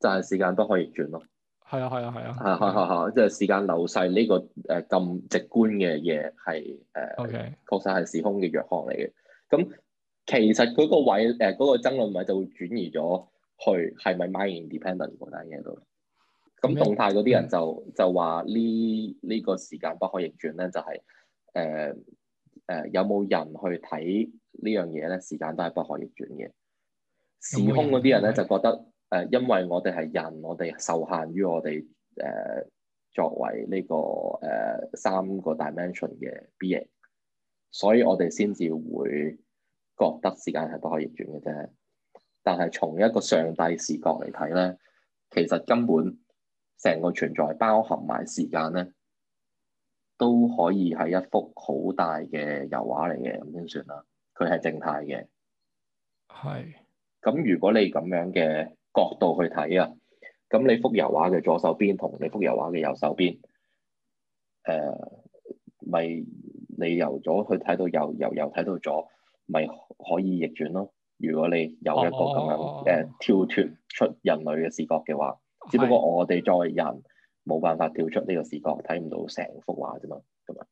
就係時間不可逆轉咯，係啊，係啊，係啊，係係係即係時間流逝呢個誒咁直觀嘅嘢係誒 OK，確實係時空嘅弱項嚟嘅。咁其實佢個位誒嗰個爭論位就會轉移咗去係咪 mind-dependent 嗰單嘢度？咁動態嗰啲人就就話呢呢個時間不可逆轉咧，就係誒。誒，有冇人去睇呢樣嘢咧？時間都係不可逆轉嘅。時空嗰啲人咧就覺得，誒、呃，因為我哋係人，我哋受限於我哋誒、呃、作為呢、這個誒、呃、三個 dimension 嘅 beings，所以我哋先至會覺得時間係不可逆轉嘅啫。但係從一個上帝視角嚟睇咧，其實根本成個存在包含埋時間咧，都可以係一幅好大嘅油畫嚟嘅，咁先算啦。佢係靜態嘅。係是。咁如果你咁樣嘅角度去睇啊，咁你幅油畫嘅左手邊同你幅油畫嘅右手邊，誒、呃，咪你由左去睇到右，由右睇到左，咪可以逆轉咯。如果你有一個咁樣誒、哦呃、跳脫出人類嘅視覺嘅話，是只不過我哋作為人。冇辦法跳出呢個視覺，睇唔到成幅畫啫嘛，咁樣，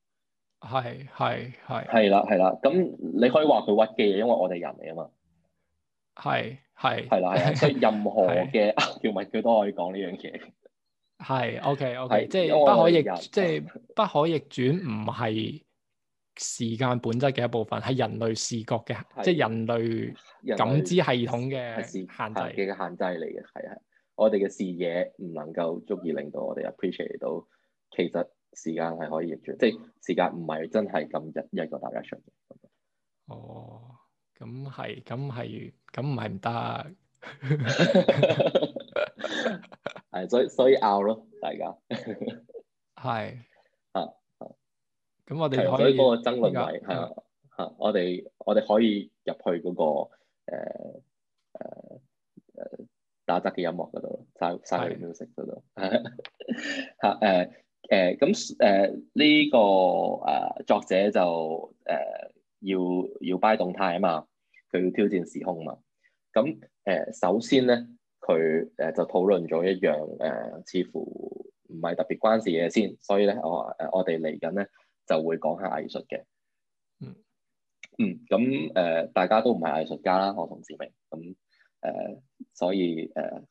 係係係係啦係啦，咁你可以話佢屈嘅嘢，因為我哋人嚟啊嘛，係係係啦係，所以任何嘅物件佢都可以講呢樣嘢，係 O K O K，即係不可逆，即係不可逆轉，唔係時間本質嘅一部分，係人類視覺嘅，即係是人類感知系統嘅限制嘅限制嚟嘅，係係。我哋嘅視野唔能夠足以令到我哋 appreciate 到，其實時間係可以逆轉，即係時間唔係真係咁一一個大約數。哦，咁係，咁係，咁唔係唔得，係所以所以拗咯，大家係啊，咁 是 我哋可以嗰個爭論係啊，啊，我哋我哋可以入去嗰、嗰個誒誒、呃呃呃打側嘅音樂嗰度，沙沙嘅音色嗰度嚇誒誒咁誒呢個誒作者就誒要要擺動態啊嘛，佢要挑戰時空嘛。咁誒首先咧，佢誒就討論咗一樣誒，似乎唔係特別關事嘅嘢先。所以咧，我誒我哋嚟緊咧就會講下藝術嘅。嗯嗯，咁誒、嗯、大家都唔係藝術家啦，我同梓明咁。誒，uh, 所以誒，uh,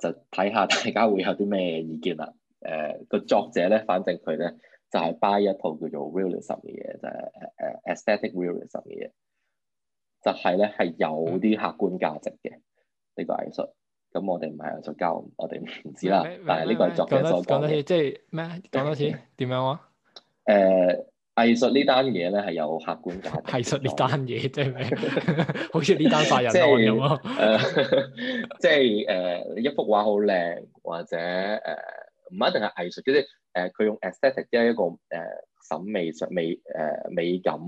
就睇下大家會有啲咩意見啦。誒，個作者咧，反正佢咧就係、是、buy 一套叫做 realism 嘅嘢，就係、是、誒、uh, aesthetic realism 嘅嘢，就係咧係有啲客觀價值嘅呢、嗯、個藝術。咁我哋唔係在交我哋唔知啦。嗯、但係呢個係作者所講嘅，即係咩？講多次點樣啊？誒、嗯。嗯嗯嗯藝術呢單嘢咧係有客觀價值。藝術呢單嘢即係咩？好似呢單殺人案咁咯。誒，即係誒，一幅畫好靚，或者誒，唔一定係藝術，即係誒，佢用 aesthetic 即係一個誒審美、美美誒美感。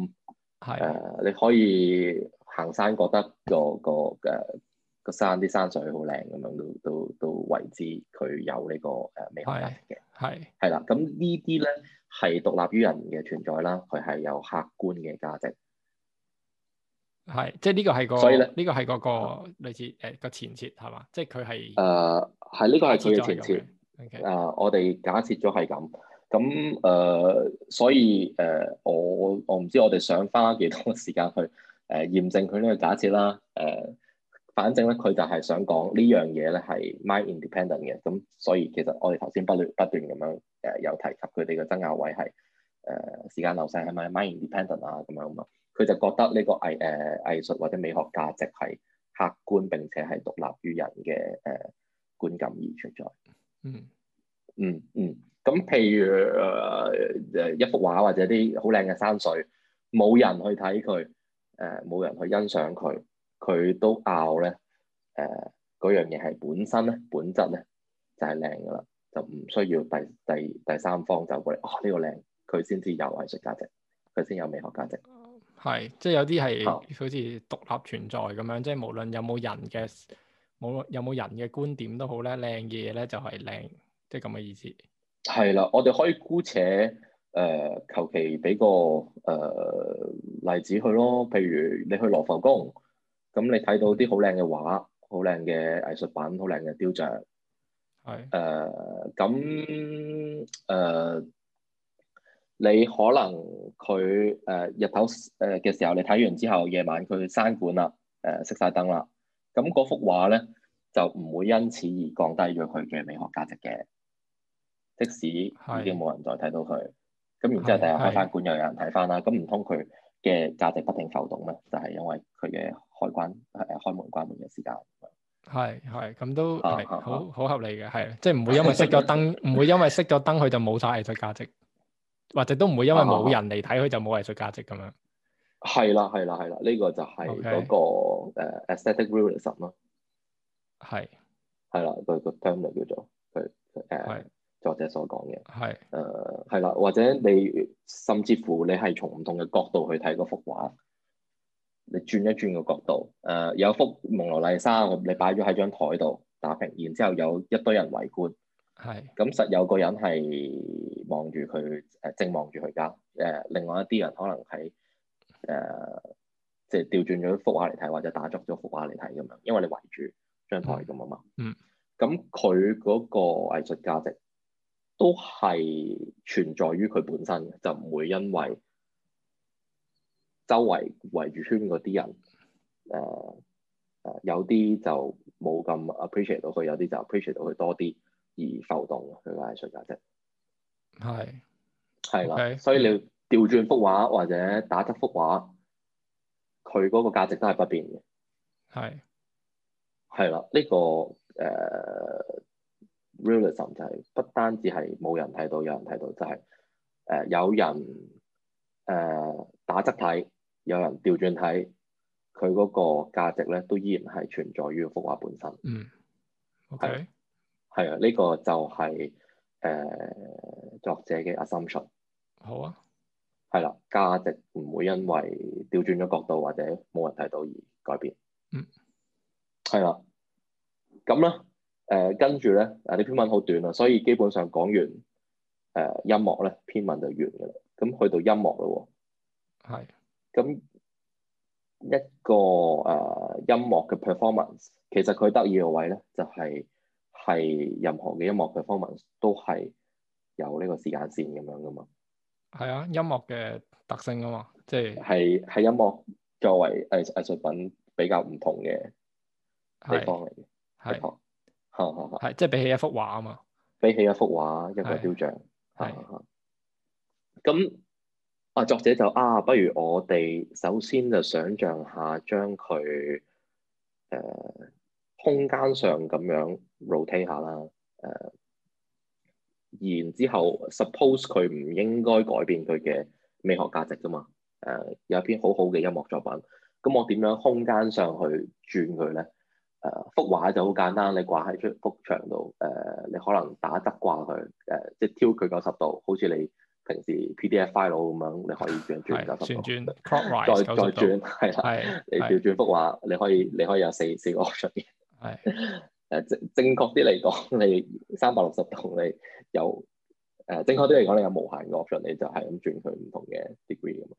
係。誒，你可以行山，覺得個個誒個山啲山水好靚，咁樣都都都為之，佢有呢個誒美學嘅。係。係啦，咁呢啲咧，係獨立於人嘅存在啦，佢係有客觀嘅價值。係，即係呢個係個，所以咧，呢個係嗰個類似誒個前設係嘛？即係佢係誒係呢個係佢嘅前設。誒，我哋假設咗係咁，咁誒，所以誒，我我唔知我哋想花幾多時間去誒驗證佢呢個假設啦。誒、呃。反正咧，佢就係想講呢樣嘢咧係 mind independent 嘅，咁所以其實我哋頭先不斷不斷咁樣誒、呃、有提及佢哋嘅爭拗位係誒、呃、時間流逝係咪 mind independent 啊咁樣啊嘛，佢就覺得呢個藝誒、呃、藝術或者美學價值係客觀並且係獨立於人嘅誒、呃、觀感而存在。嗯嗯嗯，咁、嗯嗯、譬如誒、呃、一幅畫或者啲好靚嘅山水，冇人去睇佢，誒、呃、冇人去欣賞佢。呃佢都拗咧，誒、呃、嗰樣嘢係本身咧，本質咧就係靚噶啦，就唔、是、需要第第第三方就過嚟。哦，呢、這個靚，佢先至有藝術價值，佢先有美學價值。係即係有啲係好似獨立存在咁樣，即係無論有冇人嘅冇有冇人嘅觀點都好咧，靚嘅嘢咧就係靚，即係咁嘅意思。係啦，我哋可以姑且誒求其俾個誒、呃、例子去咯，譬如你去羅浮宮。咁你睇到啲好靚嘅畫、好靚嘅藝術品、好靚嘅雕像，係誒咁誒，你可能佢誒、呃、日頭誒嘅、呃、時候，你睇完之後，夜晚佢閂館啦，誒熄晒燈啦，咁嗰幅畫咧就唔會因此而降低咗佢嘅美學價值嘅，即使已經冇人再睇到佢，咁的然之後第日開翻館又有人睇翻啦，咁唔通佢嘅價值不停浮動咧，就係、係、因為佢嘅開關、開門關門嘅時間。係係咁都、啊、係好好、嗯、合理嘅，係即係唔會因為熄咗燈，唔 會因為熄咗燈佢就冇晒藝術價值，或者都唔會因為冇人嚟睇佢就冇藝術價值咁樣。係啦係啦係啦，呢個就係嗰個 aesthetic realism 咯。係係啦，個個 term 就叫做佢誒。作者所講嘅係，誒係啦，或者你甚至乎你係從唔同嘅角度去睇嗰幅畫，你轉一轉個角度，誒、呃、有幅蒙羅麗莎，你擺咗喺張枱度打平，然之後有一堆人圍觀，係是，咁實有個人係望住佢，誒正望住佢㗎，誒、呃、另外一啲人可能係誒、呃、即係調轉咗幅畫嚟睇，或者打足咗幅畫嚟睇咁樣，因為你圍住張枱咁啊嘛，嗯，咁佢嗰個藝術價值，都係存在於佢本身嘅，就唔會因為周圍圍住圈嗰啲人，誒、呃、誒，有啲就冇咁 appreciate 到佢，有啲就 appreciate 到佢多啲而浮動佢嘅藝術價值。係係啦，的 okay，所以你調轉幅畫或者打側幅畫，佢嗰個價值都係不變嘅。係係啦，呢、這個誒。呃 Realism 就係不單只係冇人睇到，有人睇到，就是，就係誒有人誒打側睇，有人調、呃、轉睇，佢嗰個價值咧都依然係存在於幅畫本身。嗯，係、okay. 係啊，呢、這個就係、是、誒、呃、作者嘅 assumption。好啊，係啦、啊，價值唔會因為調轉咗角度或者冇人睇到而改變。嗯，係啦、啊，咁咧。誒，跟住咧，啊啲篇文好短啊，所以基本上講完誒、呃、音樂咧，篇文就完㗎喇。咁去到音樂咯，係的。咁一個誒、呃、音樂嘅 performance，其實佢得意嘅位咧，就係、是、係任何嘅音樂 performance 都係有呢個時間線咁樣㗎嘛。係啊，音樂嘅特性啊嘛，即係係係音樂作為藝藝術品比較唔同嘅地方嚟嘅，係的。係，係，係，係，即係比起一幅畫啊嘛，比起一幅畫，一個雕像，係的，咁啊的，作者就啊，不如我哋首先就想象下將，將佢誒空間上咁樣 rotate 下啦，誒、呃，然之後 suppose 佢唔應該改變佢嘅美學價值噶嘛，誒、呃，有一篇好好嘅音樂作品，咁我點樣空間上去轉佢咧？誒、呃、幅畫就好簡單，你掛喺幅牆度，誒、呃、你可能打側掛佢，誒、呃、即係挑佢九十度，好似你平時 PDF file 咁樣，你可以轉轉九十度， 轉 再再轉，係啦 轉，你調轉幅畫，你可以你可以有四四個 option，嗯、正正確啲嚟講，你三百六十度，你有誒、呃、正確啲嚟講，你有無限個 option，你就係咁轉佢唔同嘅 degree 咁樣，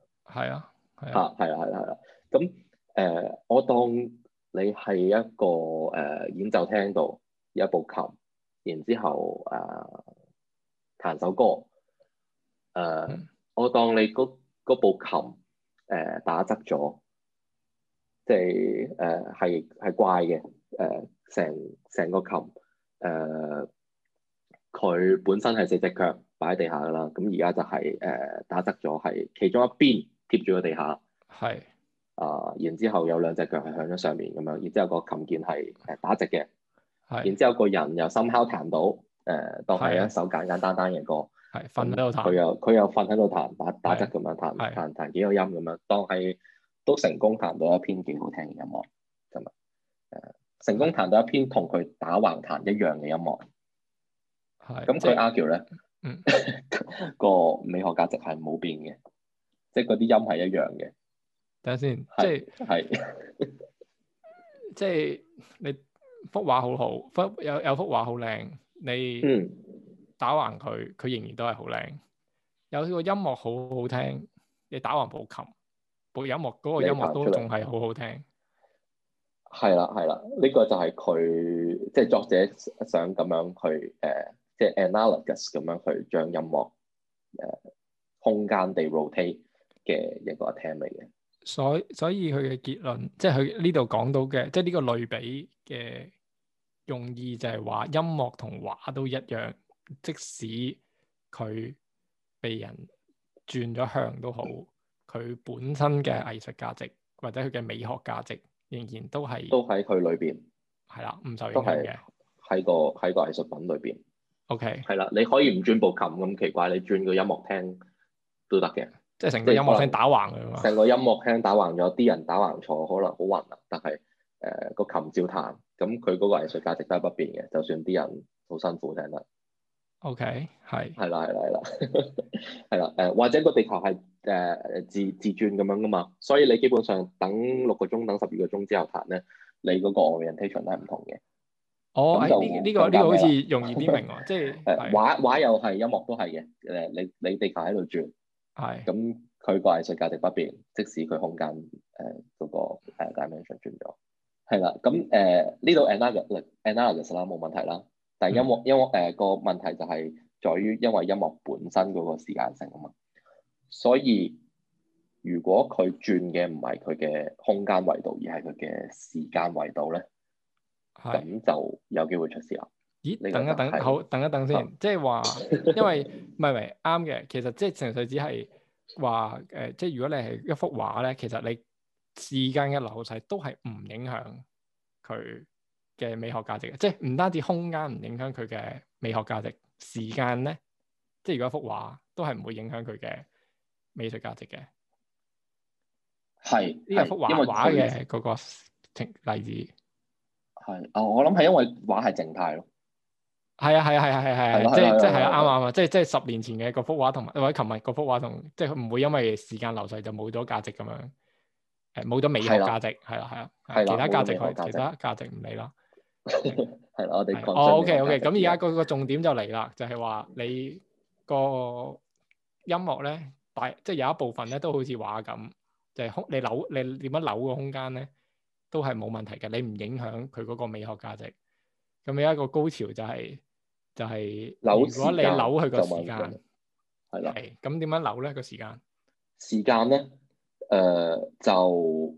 係啊，嚇係、嗯、啊係、嗯、啊係啦，咁誒我當。啊。你係一個誒、呃、演奏廳度，有一部琴，然之後誒、呃、彈首歌。誒、呃，嗯、我當你嗰部琴誒、呃、打側咗，即係誒係係怪嘅。誒、呃，成成個琴誒，佢、呃、本身係四隻腳擺喺地下㗎喇，咁而家就係、是、誒、呃、打側咗，係其中一邊貼住個地下。係。啊，然之後有兩隻腳係向咗上面咁樣，然之後個琴鍵係誒打直嘅，係。然之後個人又深敲彈到，誒當係一首簡簡單單嘅歌，係瞓喺度佢又佢又瞓喺度彈，打打直咁樣彈，彈彈幾個音咁樣，當係都成功彈到一篇幾好聽嘅音樂咁啊，誒成功彈到一篇同佢打橫彈一樣嘅音樂，係。咁所以 argue 咧個美學價值係冇變嘅，即係嗰啲音係一樣嘅。等下先，即係即係你幅畫好好，幅有有幅畫好靚，你打橫佢，佢仍然都係好靚。有呢個音樂好好聽，你打橫補琴部音樂嗰、那個音樂都仲係好好聽。係啦係啦，呢、這個就係佢即係作者想咁樣去誒，即係 analogous 咁樣去將音樂誒、呃、空間地 rotate 嘅一個 theme 嚟嘅。所所以佢嘅結論，即係佢呢度講到嘅，即係呢個類比嘅用意就係話音樂同畫都一樣，即使佢被人轉咗向都好，佢本身嘅藝術價值或者佢嘅美學價值仍然都係都喺佢裏邊，係啦，唔受影響嘅，喺個喺個藝術品裏邊。OK。係啦，你可以唔轉部琴咁奇怪，你轉個音樂廳都得嘅。即係成個音樂廳打橫，成個音樂廳打橫咗，啲人打橫坐，可能好暈啊。但係誒個琴照彈，咁佢嗰個藝術價值都係不變嘅。就算啲人好辛苦，聽得。OK，係係啦，係啦，係啦，係啦。誒，或者個地球係誒自自轉咁樣噶嘛，所以你基本上等六個鐘，等十二個鐘之後彈咧，你嗰個 orientation 都係唔同嘅。哦，呢個呢個好似容易啲明啊，即係畫畫又係，音樂都係嘅。誒，你你地球喺度轉。係，咁佢個藝術價值不變，即使佢空間誒嗰個誒 dimension 轉咗，係、呃、啦，咁誒呢度 analysis analysis 啦冇問題啦，但係音樂音樂誒、呃、個問題就係在於因為音樂本身嗰個時間性啊嘛，所以如果佢轉嘅唔係佢嘅空間維度而係佢嘅時間維度咧，咁就有機會出事啦。咦？等一等，好，等一等先。即係話，因為唔係唔係啱嘅。其實即係純粹只係話誒，即、呃、係、就係、如果你係一幅畫咧，其實你時間嘅流逝都係唔影響佢嘅美學價值嘅。即係唔單止空間唔影響佢嘅美學價值，時間咧，即、就、係、係、如果一幅畫都係唔會影響佢嘅美術價值嘅。係呢係一幅畫嘅嗰、嗰個例子係啊，我諗係因為畫係靜態咯。係啊係啊係啊係啊即係即係，啱啊啱啊，即係即係十年前嘅嗰幅畫同埋或者琴日嗰幅畫同即係唔會因為時間流逝就冇咗價值咁樣，係冇咗美學價值，係啦係啊其他價值其他價值唔理啦係啦我哋哦 OK OK 咁而家個重點就嚟啦就係話你個音樂咧擺即係有一部分咧都好似畫咁就係空你扭你點樣扭個空間咧都係冇問題嘅你唔影響佢嗰個美學價值咁有一個高潮就係。就係扭如果你扭時間就問，係啦。咁點樣扭咧個時間？時間咧，誒就、呃、就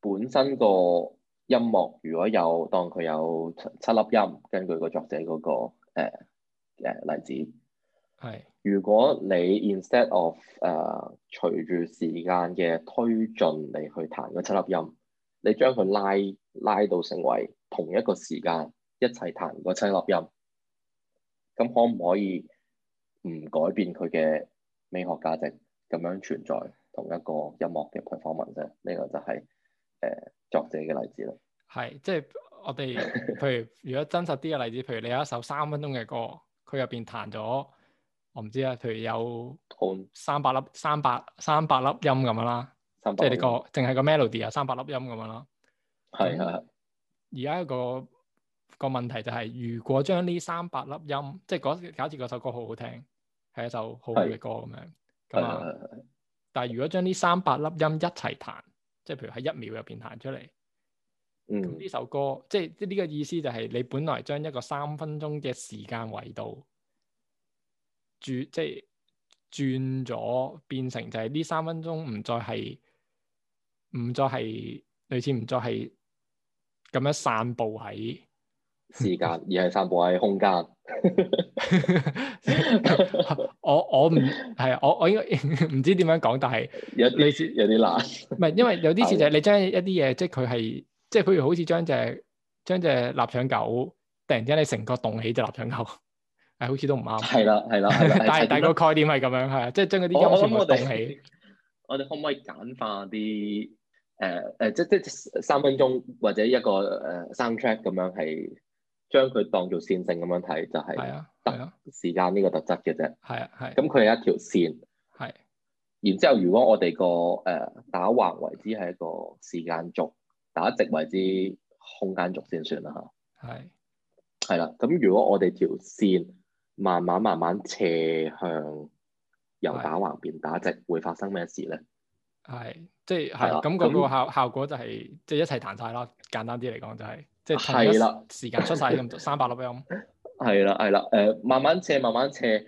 本身個音樂如果有當佢有七七粒音，根據個作者嗰個誒、呃呃、例子，係。如果你 instead of 誒、呃、隨住時間嘅推進，你去彈個七粒音，你將佢拉拉到成為同一個時間一齊彈個七粒音。咁可唔可以唔改變佢嘅美學價值咁樣存在同一個音樂嘅 performance 啫？呢個就係、是、誒、呃、作者嘅例子啦。係，即係我哋譬如，如果真實啲嘅例子， 譬如你有一首三分鐘嘅歌，佢入邊彈咗我唔知啦、啊，譬如有三百粒、三百、三百粒音咁樣啦，即係呢個淨係個 melody 啊，三百粒音咁樣啦。係係而家個。個問題就係、是，如果將呢三百粒音，即係假設嗰首歌好好聽，係一首好好嘅歌咁樣咁啊。但係如果將呢三百粒音一齊彈，即係譬如喺一秒入邊彈出嚟，咁呢、嗯、首歌即係呢個意思就係，你本來將一個三分鐘嘅時間維度轉即係、就是、轉咗，變成就係呢三分鐘唔再係唔再係類似唔再係咁樣散步喺時間而係散步喺空間。 我我唔係啊，我我應該唔知點樣講，但係有啲似有啲難。唔係，因為有啲事 就係你將一啲嘢，即係佢係即係，就是、譬如好似將隻將隻臘腸狗突然之間你成個凍起隻臘腸狗，係、哎、好似都唔啱。係啦係啦，但係 大、大概概念係咁樣，係啊，即係將嗰啲音線凍起。我哋可唔可以簡化啲誒誒？即即三分鐘或者一個誒 soundtrack 咁樣係？將佢當做線性咁樣睇就係，係啊，時間呢個特質嘅啫。係啊，係。咁佢係一條線。係。然之後，如果我哋個誒打橫為之係一個時間軸，打直為之空間軸先算啦嚇。係。係啦，咁如果我哋條線慢慢慢慢斜向由打橫變打直，會發生咩事咧？係，即係係咁，嗰個效效果就係即係一齊彈晒咯。簡單啲嚟講就係。即係係啦，時間出晒，咁多三百粒咁，係啦係啦，誒、呃、慢慢借慢慢借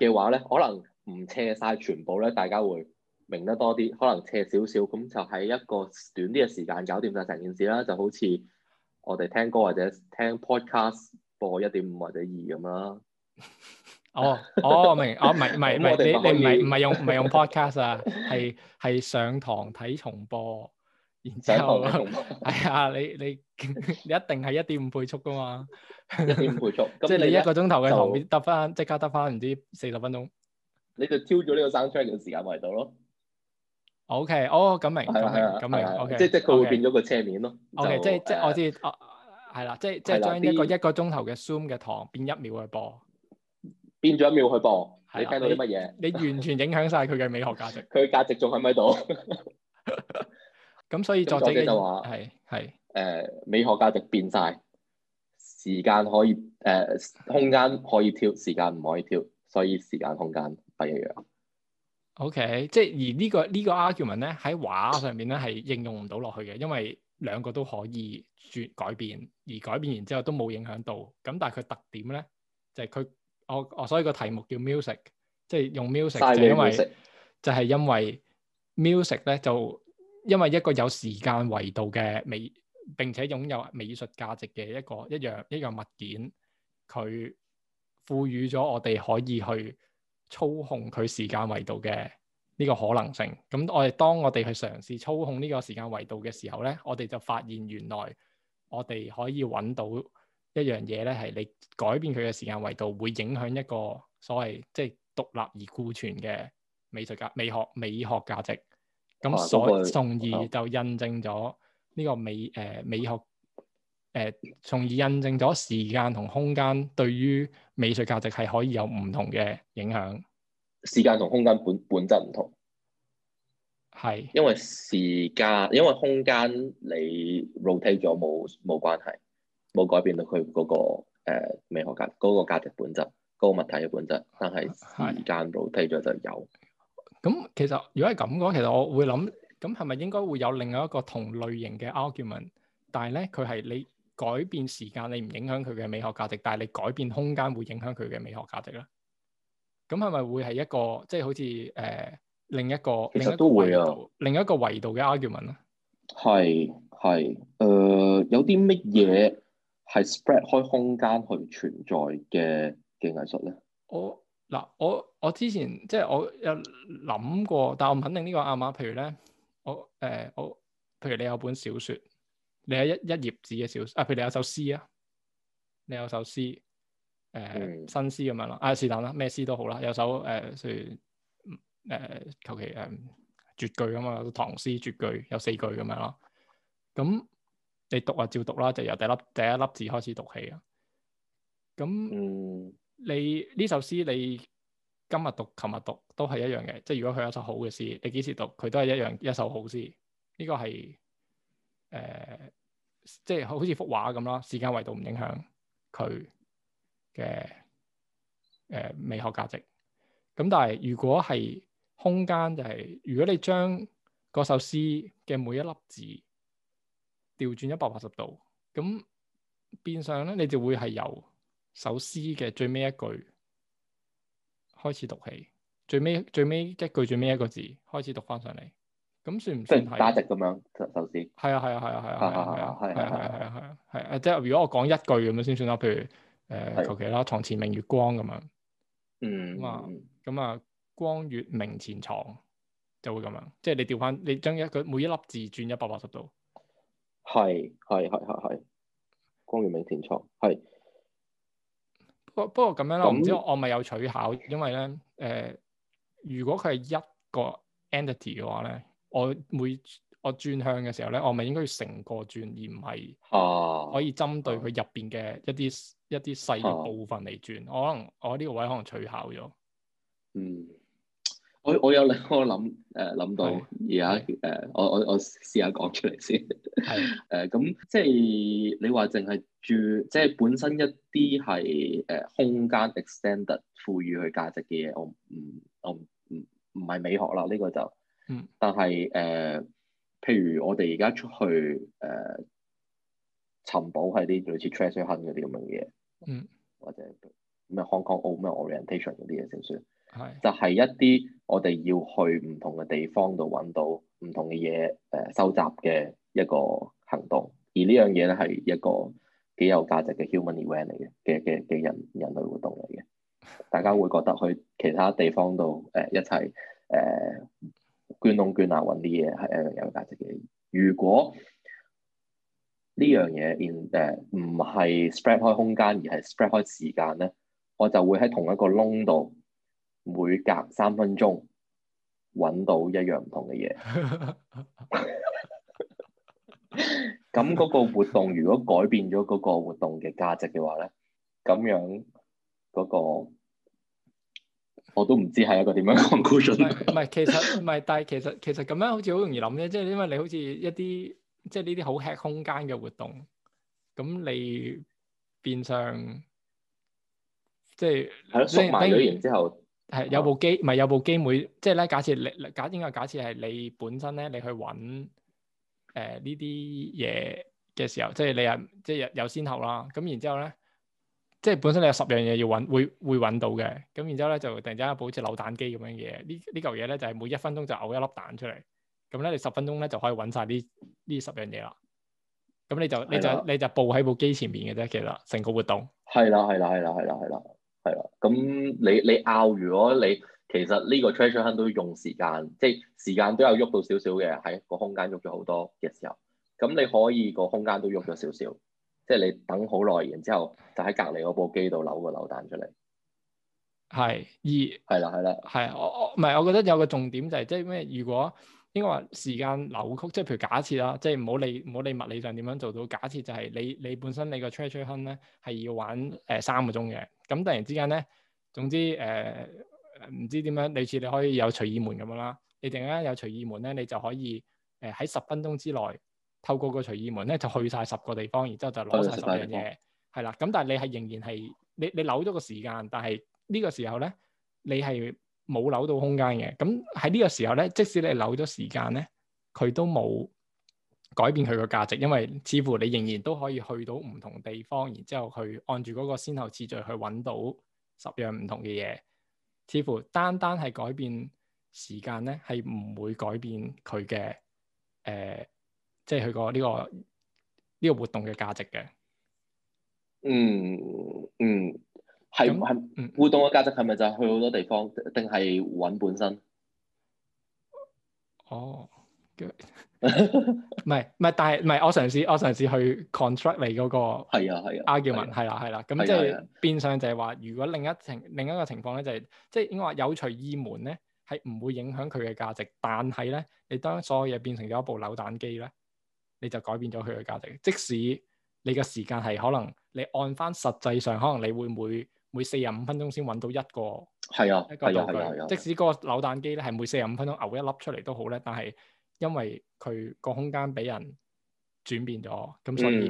嘅話咧，可能唔借晒全部咧，大家會明得多啲，可能借少少咁就喺一個短啲嘅時間搞掂晒成件事啦，就好似我哋聽歌或者聽 podcast 播一點五或者二咁啦。 哦哦，明哦，唔係唔係唔係， 你你唔係唔係用唔係用 podcast 啊？係係， 上堂睇重播。然之後，係啊，你你你一定係一點五倍速噶嘛？一點五倍速，即係你一個鐘頭嘅堂變得翻，即刻得翻唔知四十分鐘，你就挑咗呢個 soundtrack 嘅時間維度咯。OK，哦，咁明，係啊，咁明，OK，即係即係佢會變咗個車面咯。OK，即係即係我知，係啦，即係即係將一個一個鐘頭嘅 zoom 嘅堂變一秒去播，變咗一秒去播，你聽到啲乜嘢？你完全影響晒佢嘅美學價值，佢價值仲喺唔喺度？咁所以作者嘅就話係係誒美學價值變晒，時間可以誒空間可以跳，時間唔可以跳，所以時間空間不一樣。OK，即係而呢個呢個 argument 咧喺畫上面咧係應用唔到落去嘅，因為兩個都可以轉改變，而改變完之後都冇影響到。咁但係佢特點咧就係佢我我所以個題目叫 music，即係用 music，是是 music 就係因為就係因為 music 咧就。因為一個有時間維度嘅美，並且擁有美術價值嘅一個一樣一樣物件，佢賦予咗我哋可以去操控佢時間維度嘅呢個可能性。咁我哋當我哋去嘗試操控呢個時間維度嘅時候咧，我哋就發現原來我哋可以揾到一樣嘢咧，係你改變佢嘅時間維度會影響一個所謂即係獨立而固存嘅美術價、美學、美學價值。咁所以，從、啊那個、而就印證咗呢個美，誒、呃、美學誒從、呃、而印證咗時間同空間對於美術價值係可以有唔同嘅影響，時間同空間本本質唔同，係是因為時間，因為空間你 rotate 咗冇冇關係，冇改變到佢嗰個誒、呃、美學價嗰、那個價值本質、那個物體嘅本質，但係時間 rotate 咗就有。咁其實如果係咁講，其實我會諗，咁係咪應該會有另外一個同類型嘅 argument？但係咧，佢係你改變時間，你唔影響佢嘅美學價值，但係你改變空間，會影響佢嘅美學價值咧。咁係咪會係一個即係、就是、好似誒、呃、另一個，其實都會啊，另一個維度嘅 argument 咯。係係、啊，誒、呃、有啲乜嘢係 spread 開空間去存在嘅嘅藝術咧？我嗱我。我之前即係我有諗過，但我唔肯定呢個啱唔啱。譬如咧，我誒、呃、我譬如你有本小説，你有一一頁紙嘅小説啊，譬如你有首詩,、呃嗯、詩啊，你有首詩誒新詩咁樣咯啊，是但啦，咩詩都好啦，有首誒，譬如誒求其誒絕句啊嘛，唐詩絕句有四句咁樣咯。咁、嗯、你讀啊，照讀啦，就由第一粒第一粒字開始讀起啊。咁、嗯嗯、你呢首詩你？今日讀、琴日讀都係一樣嘅，即係如果佢有一首好嘅詩，你幾時讀佢都係一樣一首好詩。呢、這個係誒，即、呃、係、就是、好似幅畫咁啦，時間維度唔影響佢嘅誒美學價值。咁但係如果係空間就係、是，如果你將嗰首詩嘅每一粒字調轉一百八十度，咁變相咧，你就會係由首詩嘅最尾一句。開始讀起，最尾最尾一句最尾一個字開始讀翻上嚟，咁、嗯、算唔算係打直咁樣？首先係啊係啊係 s ans 啊係 s ans 啊係啊係啊係啊係啊係啊係啊即係如果我講一句咁樣先算啦，譬如誒求其啦，床前明月光咁樣，嗯，咁啊，咁啊，光月明前床就會咁樣，即係你調翻你將一個每一粒字轉一百八十度，係係係係係，光月明前床。係。不不過咁樣咯，我唔知我咪有取巧，因為咧，誒、呃，如果佢係一個 entity 嘅話咧，我每我轉向嘅時候咧，我咪應該要成個轉，而唔係可以針對佢入邊嘅一啲一啲細部分嚟轉。啊、我可能我呢個位可能取巧咗。嗯。我我有兩個諗，誒諗到而家誒，我我我試下講出嚟先。係。誒咁，即係你話淨係住，即係本身一啲係誒空間 extended 賦予佢價值嘅嘢，我唔我唔唔唔係美學啦，呢個就。嗯。但係誒，譬如我哋而家出去誒尋寶，係啲類似 Treasure Hunt 嗰啲咁樣嘅嘢。嗯。或者咩 Hong Kong 澳咩 orientation 嗰啲嘢先算。就係一啲我哋要去唔同嘅地方度揾到唔同嘅嘢，誒、呃、收集嘅一個行動。而呢樣嘢咧係一個幾有價值嘅 humanity 嚟嘅嘅嘅嘅人人類活動嚟嘅。大家會覺得去其他地方度誒、呃、一齊誒、呃、捐窿捐罅揾啲嘢係一樣有價值嘅。如果呢樣嘢 in 誒、呃、唔係 spread 開空間，而係 spread 開時間咧，我就會喺同一個窿度，每隔三分鐘揾到一樣唔同嘅嘢，咁嗰 個活動如果改變咗嗰個活動嘅價值嘅話咧，咁樣嗰個我都唔知係一個點樣降低咗。唔係，唔係，其實唔係，但係其實其實咁樣好似好容易諗嘅，即係因為你好似一啲即係呢啲好吃空間嘅活動，咁你變相即係縮埋咗然之後。係有部機，唔係有部機，每即係咧。假設你，假應該假設係你本身咧，你去揾誒呢啲嘢嘅時候，即係你係即係有先後啦。咁然之後咧，即係本身你有十樣嘢要揾，會會揾到嘅。咁然之後咧，就突然之間有部好似扭蛋機咁樣嘢。這個、呢呢嚿嘢咧就係、是、每一分鐘就嘔一粒蛋出嚟。咁咧你十分鐘咧就可以揾晒呢呢十樣嘢啦。咁你就的你就你就抱喺部機前面嘅啫，其實成個活動。係啦係啦係啦係啦係啦。係啦，咁你你拗，如果你其實呢個 treasure hunt 都用時間，即係時間都有喐到少少嘅，喺、哎、個空間喐咗好多嘅時候，咁你可以個空間都喐咗少少，即係你等好耐，然之後就喺隔離嗰部機度扭個扭蛋出嚟。係，二係啦，係啦，係我我唔係，我覺得有個重點就係、是、即係咩？如果應該話時間扭曲，即係譬如假設啦，即係唔好理唔好理物理上點樣做到，假設就係你你本身你個 treasure hunt 咧係要玩誒、呃、三個鐘嘅。咁、嗯、突然之間咧，總之誒唔、呃、知點樣，類似你可以有隨意門咁樣啦。你突然間有隨意門咧，你就可以誒喺、呃、十分鐘之內透過個隨意門咧，就去晒十個地方，然之後就攞晒十樣嘢。係啦，咁、嗯、但係你係仍然係你你扭咗個時間，但係呢個時候咧，你係冇扭到空間嘅。咁喺呢個時候咧，即使你扭咗時間咧，佢都冇改變佢個價值，因為似乎你仍然都可以去到唔同地方，然之後去按住嗰個先後次序去揾到十樣唔同嘅嘢。似乎單單係改變時間咧，係唔會改變佢嘅誒，即係佢、個呢個呢個活動嘅價值嘅、嗯。嗯嗯，係係？活動嘅價值係咪就係去好多地方，定係揾本身？嗯嗯嗯、哦。唔係唔係，但係唔係我嘗試我嘗試去 contract 你嗰個，係啊係啊 argument 係啦係啦，咁即係變相就係話，如果另一情另一個情況咧，就係即係應該話有隨意門咧，係唔會影響佢嘅價值。但係咧，你當所有嘢變成咗一部扭蛋機咧，你就改變咗佢嘅價值。即使你嘅時間係可能你按翻實際上，可能你會每每四十五分鐘先揾到一個，係啊，一個道具。即使嗰個扭蛋機咧係每四十五分鐘牛一粒出嚟都好咧，但係。因為佢個空間俾人轉變咗，咁所以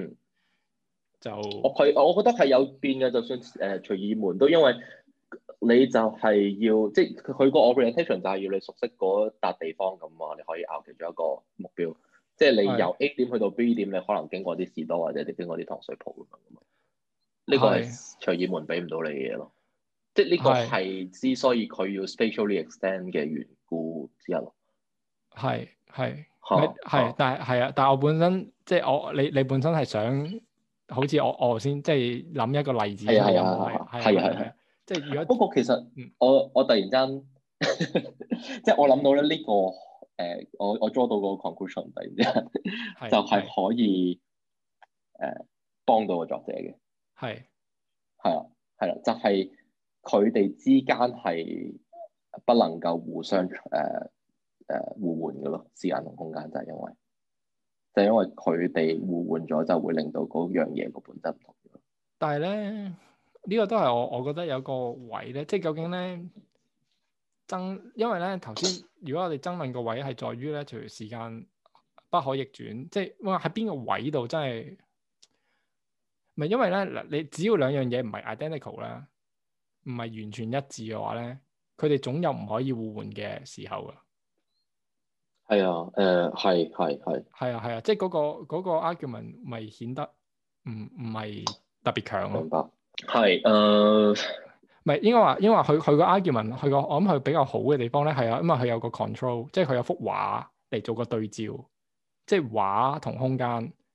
就、嗯、我以我覺得係有變嘅。就算誒隨意門都因為你就係要即係佢個 orientation 就係要你熟悉嗰一笪地方咁啊，你可以咬其中一個目標。即係你由 A 點去到 B 點，你可能經過啲士多或者你經過啲糖水鋪咁啊嘛。呢、這個係隨意門俾唔到你嘅嘢咯。即係呢個係之所以佢要 spatially extend 嘅緣故之一咯。係是。嗯係，係，但係係啊，但係我本身即係我，你你本身係想，好似我我先即係諗一個例子，係啊，係，係啊係啊，即係如果不過其實，我我突然間，即係我諗到咧呢個，誒，我我捉到個 conclusion 突然之間，就係可以，誒，幫到個作者嘅，係，係啊，係啦，就係佢哋之間係不能夠互相誒。誒、啊，互換嘅咯，時間同空間就係因為，就係、是、因為佢哋互換咗，就會令到嗰樣嘢個本質唔同咗。但係咧，呢、這個都係我我覺得有個位咧，即、就、係、是、究竟咧爭，因為咧頭先，如果我哋爭論個位係在於咧，除時間不可逆轉，即係哇，喺邊個位度真係咪？因為咧嗱，你只要兩樣嘢唔係 identical 啦，唔係完全一致嘅話咧，佢哋總有唔可以互換嘅時候噶。係啊，誒、係，係，係，係、那個，係，係，係啊，係啊，即係嗰個嗰個 argument 咪顯得唔唔係特別強咯。明白。係， 誒， 唔係應該話，應該話佢去個 argument，去個我諗佢比較好嘅地方咧，係啊，因為佢有個 control，即係佢有幅畫嚟做個對照，即係畫同空間，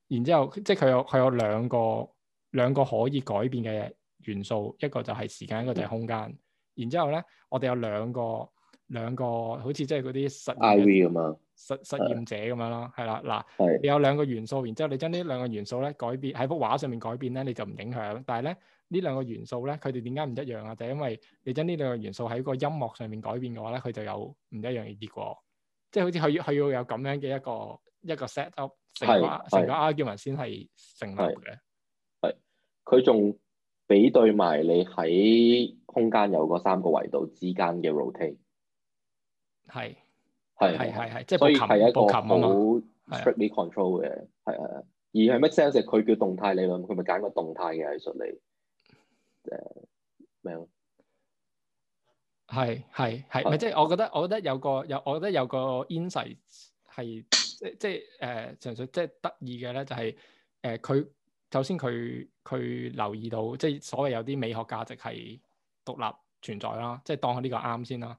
然之後即係佢有佢有兩個兩個可以改變嘅元素，一個就係時間，一個就係空間。嗯、然之後咧，我哋有兩個。兩個好似即係嗰啲實驗咁啊，實實驗者咁樣咯，係啦嗱，你有兩個元素，然之後你將呢兩個元素咧改變喺幅畫上面改變咧，你就唔影響。但係咧呢兩個元素咧，佢哋點解唔一樣啊？就係因為你將呢兩個元素喺個音樂上面改變嘅話咧，佢就有唔一樣嘅結果。即係好似佢要佢要有咁樣嘅一個一個 set up，成個成個 argument 先係成立嘅。係佢仲比對埋你喺空間有個三個維度之間嘅 rotate。係係係係，所以係一個好 strictly control 嘅，係係。而係咩 sales 佢叫動態理論，佢咪揀個動態嘅藝術嚟？誒、uh, 咩？係係係，咪即係？ 就是、我覺得我覺得有個有，我覺得有個 insight 係即即誒，純、呃、粹即得意嘅咧，就係誒，佢首先佢佢留意到，即所謂有啲美學價值係獨立存在啦，即當佢呢個啱先啦。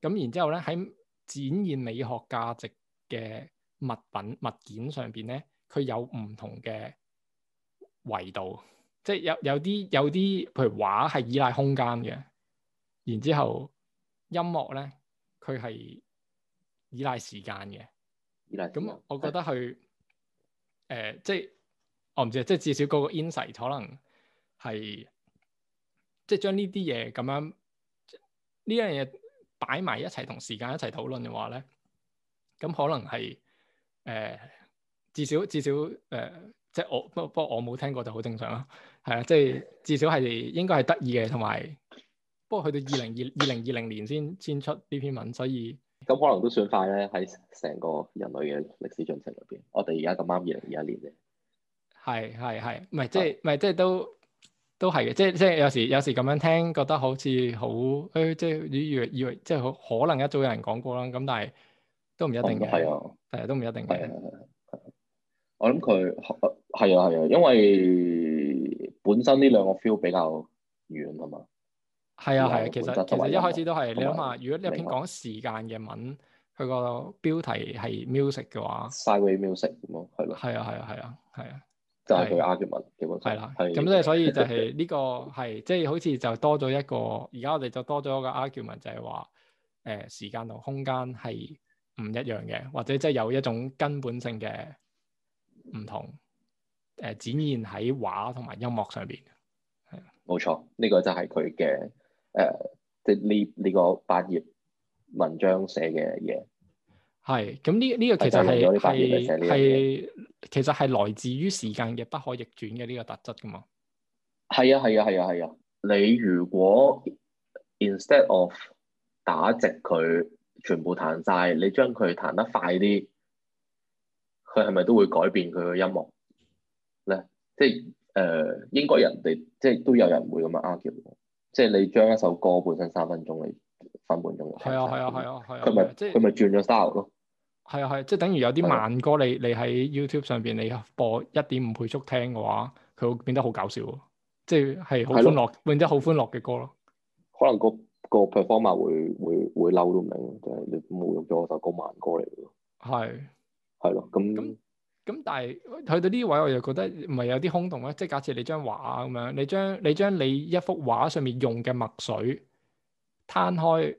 咁然之後咧，喺展現美學價值嘅物品物件上邊咧，佢有唔同嘅維度，即係有有啲有啲，譬如畫係依賴空間嘅，然之後音樂咧，佢係依賴時間嘅。依賴。咁我覺得佢誒的、呃、即係我唔知，即係至少嗰個 insight 可能係即係將呢啲嘢咁樣呢樣嘢。擺埋一齊同時間一齊討論嘅話咧，咁可能係誒、呃，至少至少誒、呃，即係我不不過我冇聽過就好正常啦，係啊，即係至少係應該係得意嘅，同埋不過去到二零二二零二零年先先出呢篇文，所以咁可能都算快咧。喺成個人類嘅歷史進程入邊，我哋而家咁啱二零二一年啫，係係係，唔係即係唔係即係都。都係嘅，即係即係有時有時咁樣聽，覺得好似好誒，即係以以為以為即係可能一早有人講過啦，咁但係都唔一定嘅。係啊，但係都唔一定嘅。我諗佢係啊係啊，因為本身呢兩個 feel 比較遠啊嘛。係啊係啊，其實其實一開始都係你諗下，如果一篇講時間嘅文，佢個標題係 music 嘅話 Sideways music 咁咯，係咯。係啊係啊係啊係啊。就係佢嘅 argument，基本上。係啦的。係。咁即係所以就係、是、呢、 這個係即係好似就多咗一個，而家我哋就多咗個 argument 就係話，誒、呃、時間同空間係唔一樣嘅，或者即係有一種根本性嘅唔同，誒、呃、展現喺畫同埋音樂上邊。係啊。冇錯，呢、這個就係佢嘅誒，即係呢呢個八頁、這個、文章寫嘅嘢。係，咁呢呢個其實係係係，其實係來自於時間嘅不可逆轉嘅呢個特質噶嘛。係啊係啊係啊係啊，你如果 instead of 打直佢，全部彈晒，你將佢彈得快啲，佢係咪都會改變佢嘅音樂咧？即係誒，應、呃、該人哋即係都有人會咁樣 argue。即係你將一首歌本身三分鐘你。分半鐘嘅，係啊係啊係啊係啊，佢咪佢咪轉咗 style 咯，係啊係，即係等於有啲慢歌，你你喺 YouTube 上邊你播一點五倍速聽嘅話，佢會變得好搞笑，即係係好歡樂，變咗好歡樂嘅歌咯。可能個個 performance 會會會嬲到你，就係你侮辱咗首歌慢歌嚟咯。係係咯，咁咁咁，但係去到呢位，我又覺得唔係有啲空洞咧。即係假設你張畫咁樣，你將你將你一幅畫上面用嘅墨水，攤開，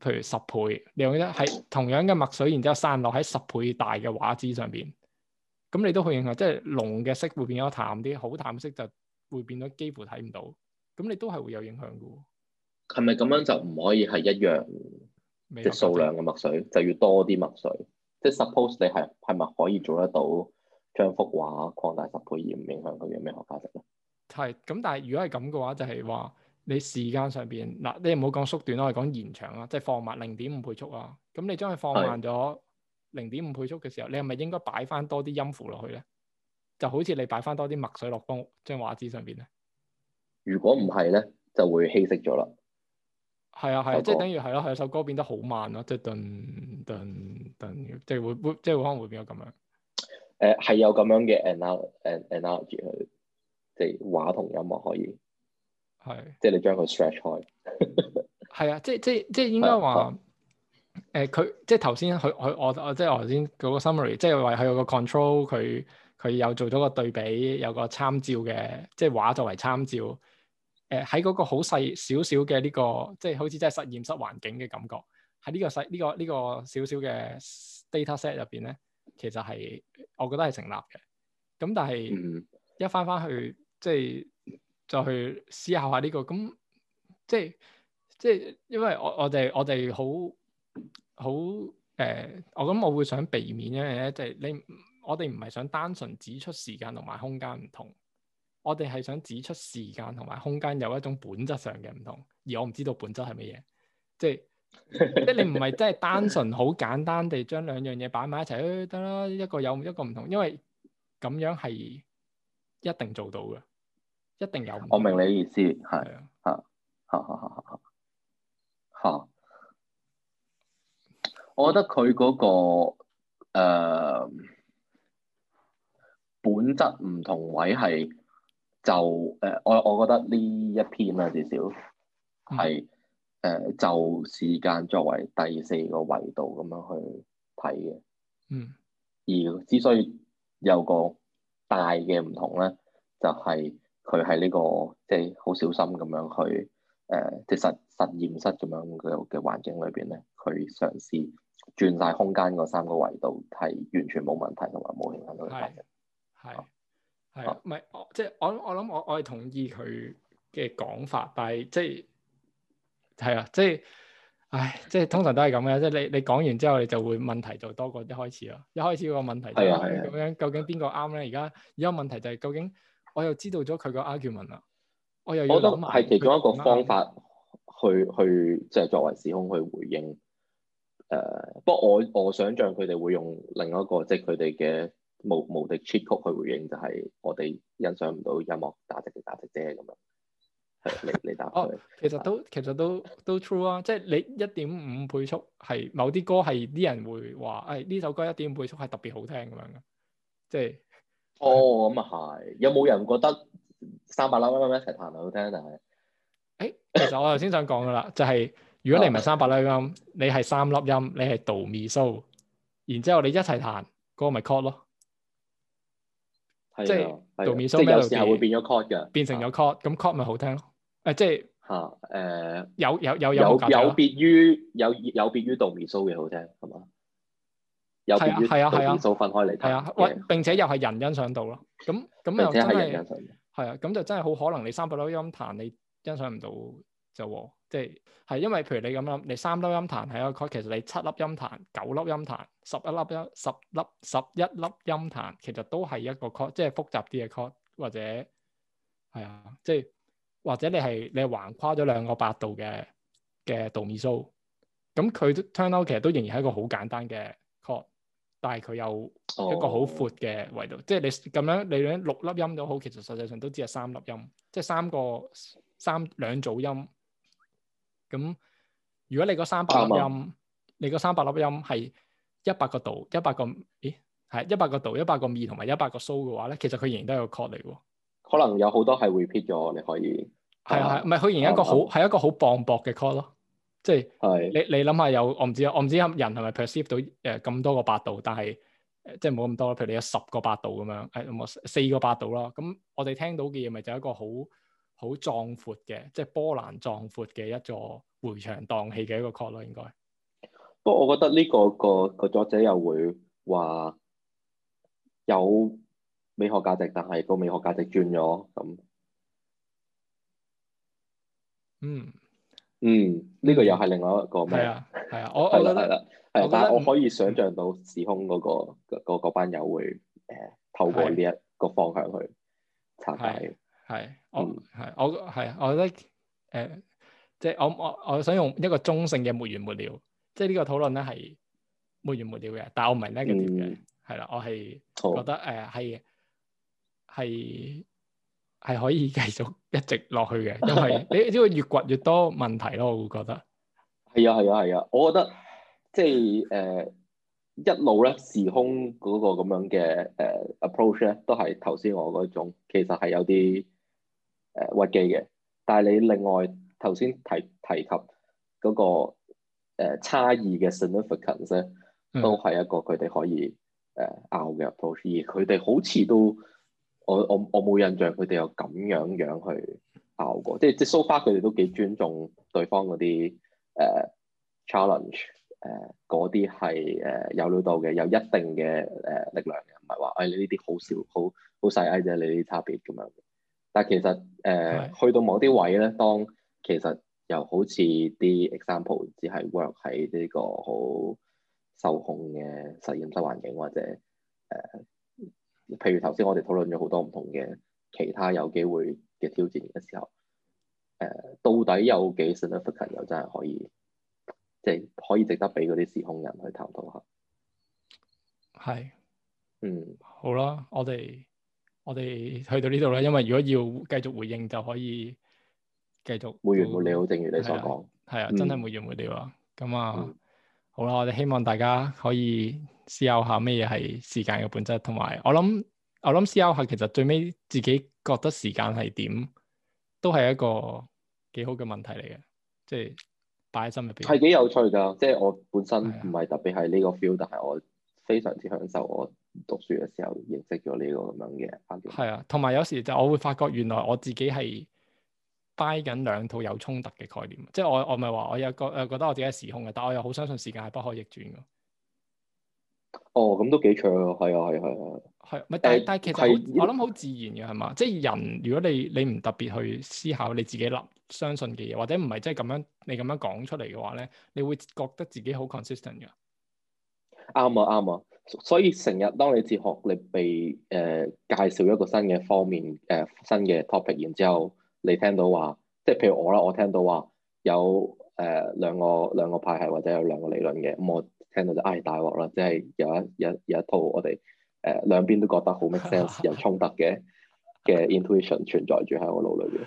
譬如十倍，你用得係同樣嘅墨水，然之後散落喺十倍大嘅畫紙上邊，咁你都好影響，即係濃嘅色會變咗淡啲，好淡色就會變咗幾乎睇唔到，咁你都係會有影響嘅。係咪咁樣就唔可以係一樣咩？數有量嘅墨水，有墨水就要多啲墨水？即係 suppose 你係係咪可以做得到將幅畫擴大十倍而唔影響佢嘅咩學價值咧？係，咁但係如果係咁嘅話，就係、是、話。你時間上邊嗱，你唔好講縮短啦，我係講延長啊，即係放慢零點五倍速啊。咁你將佢放慢咗零點五倍速嘅時候，你係咪應該擺翻多啲音符落去咧？就好似你擺翻多啲墨水落翻張畫紙上邊咧？如果唔係咧，就會稀釋咗啦。係啊係啊，啊啊歌即係等於係咯、啊，有、啊、首歌變得好慢咯、啊，即係噔噔即係會會，即係可能會變咗咁樣。誒係、呃、有咁樣嘅 anal 誒 analogy 即係話同音樂可以。係，即係你將佢 stretch 開，係啊、 呃，即係即係即係應該話，誒，佢即係頭先佢佢我我即係我先嗰個 summary，即係話佢有個 control，佢佢有做咗個對比，有個參照嘅，即係畫作為參照，誒、呃，喺嗰個好細少少嘅呢個，即係好似真係實驗室環境嘅感覺，喺呢個細呢個呢個少少嘅 dataset 入邊咧，其實係我覺得係成立嘅，咁但係一翻翻去即係。嗯嗯就去思考下呢個咁，即係即係，因為我我哋我哋好好誒，我咁、呃、我，我會想避免一樣咧，即係你我哋唔係想單純指出時間同埋空間唔同，我哋係想指出時間同埋空間有一種本質上嘅唔同，而我唔知道本質係乜嘢，即係 即係你唔係真係單純好簡單地將兩樣嘢擺埋一齊，得啦，一個有一個唔同，因為咁樣係一定做到嘅。一定有，我明你嘅意思，係，嚇了，好好好好好，嚇、啊啊啊啊，我覺得佢嗰、那個、呃、本質唔同位係就誒，我我覺得呢一篇啊至少係誒、嗯呃、就時間作為第四個維度咁樣去睇嘅，嗯，而之所以有個大嘅唔同咧，就係、是。佢喺呢個即係好小心咁樣去誒、呃，即係實實驗室咁樣嘅嘅環境裏邊咧，去嘗試轉晒空間嗰三個維度，係完全冇問題同埋冇影響到佢嘅。係係，唔係、啊、我即係我我諗我我係同意佢嘅講法，但係即係係啊，即係唉，即係通常都係咁嘅，即係你你講完之後，你就會問題就多過一開始咯。一開始個問題就係咁樣，究竟邊個啱咧？而家而家問題就係究竟。我又知道咗佢個 argument 啦。我又有諗係其中一個方法去去即係、就是、作為時空去回應。誒、呃，不過我我想像佢哋會用另一個即係佢哋嘅無無敵 cheat 曲去回應，就係、是、我哋欣賞唔到音樂打直嘅打直啫咁樣。係你你答哦、 啊，其實都其實都都 true 啊！即、就、係、是、你一點五倍速係某啲歌係啲人會話誒呢首歌一點五倍速係特別好聽咁樣嘅，即、就、係、是。哦，咁啊係，有冇人覺得三百粒音一齊彈係好聽定係？誒，其實我頭先想講噶啦，就係如果你唔係三百粒音，你係三粒音，你係 do、mi、so，然之後你一齊彈，嗰、那個咪 call 咯。係、嗯、啊，即係有有時候會變咗 call 噶，變成咗 call，咁 call 咪好聽咯？誒、啊，即係吓誒，有有有有有有別於有有別於 do、mi、so 嘅好聽，係嘛？係啊，係啊，係啊，係啊，喂、啊！並且又係人欣賞到咯，咁咁又真係係啊，咁就真係好可能你三粒音彈你欣賞唔到就即係係因為譬如你咁諗，你三粒音彈係一個曲，其實你七粒音彈、九粒音彈、十一粒音、十粒十一粒音彈，其實都係一個即係複雜啲嘅曲，或者係啊，即係或者你係你橫跨咗兩個八度嘅嘅杜米蘇，咁佢 turn out 其實都仍然係一個好簡單嘅。但係佢有一個好闊嘅維度，oh. 即係你咁樣你兩六粒音都好，其實實際上都只係三粒音，即係三個三兩組音。咁如果你個三百粒音，oh, right. 你個三百粒音係一百個度，一百個咦係一百個度，一百個咪同埋一百個蘇、so、嘅話咧，其實佢仍然都係個 chord 嚟喎。可能有好多係 repeat 咗，你可以係啊係，唔係佢仍然一個好係、oh, right. 一個好磅礴嘅 chord 咯。即係是你，你諗下有我唔知，我唔知人係咪 perceive 到誒咁多個八度，但係即係冇咁多，譬如你有十個八度咁樣，有冇四個八度咯。咁我哋聽到嘅嘢咪就一個好好壯闊嘅，即係波瀾壯闊嘅一座回腸蕩氣嘅一個曲咯，應該。不過我覺得呢個個個作者又會話有美學價值，但係個美學價值轉咗咁。嗯。嗯，呢、這個又係另外一個咩啊？係啊，我啊我覺得係啦，係、呃，但我可以想象到時空嗰個班友會誒透過呢一個方向去拆解嘅。我係我係我覺得誒，即係我我我想用一個中性嘅沒完沒了，即係呢個討論咧係沒完沒了嘅，但係我唔係 negative 嘅，係啦、嗯啊，我係覺得誒係係。好呃係可以繼續一直落去嘅，因為你因為越掘越多問題咯，我會覺得係啊係啊係啊！我覺得即係誒、呃、一路咧時空嗰個咁樣嘅誒、呃、approach 咧，都係頭先我嗰種其實係有啲誒、呃、屈機嘅。但係你另外頭先提提及嗰、那個、呃、差異嘅 significance 咧，都係一個佢哋可以誒拗嘅 approach，嗯、而佢哋好似都。我我我冇印象，佢哋有咁樣樣去教過，即係即係 so far 佢哋都幾尊重對方嗰啲誒 challenge 誒嗰啲係誒有料到嘅，有一定嘅誒、呃、力量嘅，唔係話你呢啲好小好好細矮啫，你啲差別咁樣。但係其實誒、呃、的去到某啲位咧，當其實又好似啲 example 只係 work 喺呢個好受控嘅實驗室環境或者誒。呃譬如頭先我哋討論咗好多唔同嘅其他有機會嘅挑戰嘅時候，誒、呃、到底有幾 successful 又真係可以，即係可以值得俾嗰啲時空人去探討下。係是。嗯。好啦，我哋我哋去到呢度啦，因為如果要繼續回應就可以繼續沒完沒了，就正如你所講。係啊，啊，真係沒完沒了。咁啊，好啦，我哋希望大家可以。思考下咩嘢係時間嘅本質，同埋我諗，我諗思考下其實最尾自己覺得時間係點，都係一個幾好嘅問題嚟嘅，即係擺喺心入邊。係幾有趣㗎！即係我本身唔係特別係呢個 feel、啊、但係我非常之享受我讀書嘅時候認識咗呢個咁樣嘅概念。係啊，同埋有，有時就我會發覺原來我自己係擺緊兩套有衝突嘅概念，即係我我咪話我有個誒覺得我自己係時空嘅，但我又好相信時間係不可逆轉㗎。哦，咁都幾長啊！係啊，係啊，係啊，係咪？但但其實、欸、我諗好自然嘅係嘛，即係人如果你你唔特別去思考你自己諗相信嘅嘢，或者唔係即係咁樣你咁樣講出嚟嘅話咧，你會覺得自己好 consistent 嘅。啱啊、嗯，啱、嗯、啊，嗯嗯、所以成日當你哲學你被誒、呃、介紹一個新嘅方面誒、呃、新嘅 topic，然之後你聽到話，即係譬如我啦，我聽到話有誒兩、呃、個兩個派系或者有兩個理論嘅咁我。聽到就嗌大鑊啦，即、就、係、是、有一、有一有一套我哋誒、呃、兩邊都覺得好 make sense，有衝突嘅嘅 intuition 存在住喺我腦裡面。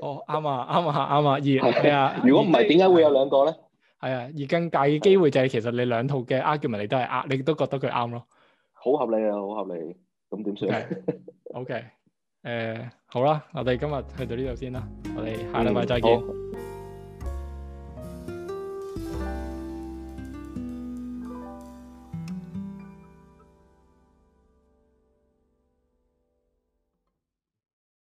哦，啱啊，啱啊，啱啊。而係啊，如果唔係，點解會有兩個咧？係啊，而更大嘅機會就係其實你兩套嘅 argument 你都係啱，你都覺得佢啱咯。好合理啊，好合理。咁點算？OK 誒好啦，我哋今日去到呢度先啦。我哋下禮拜再見。嗯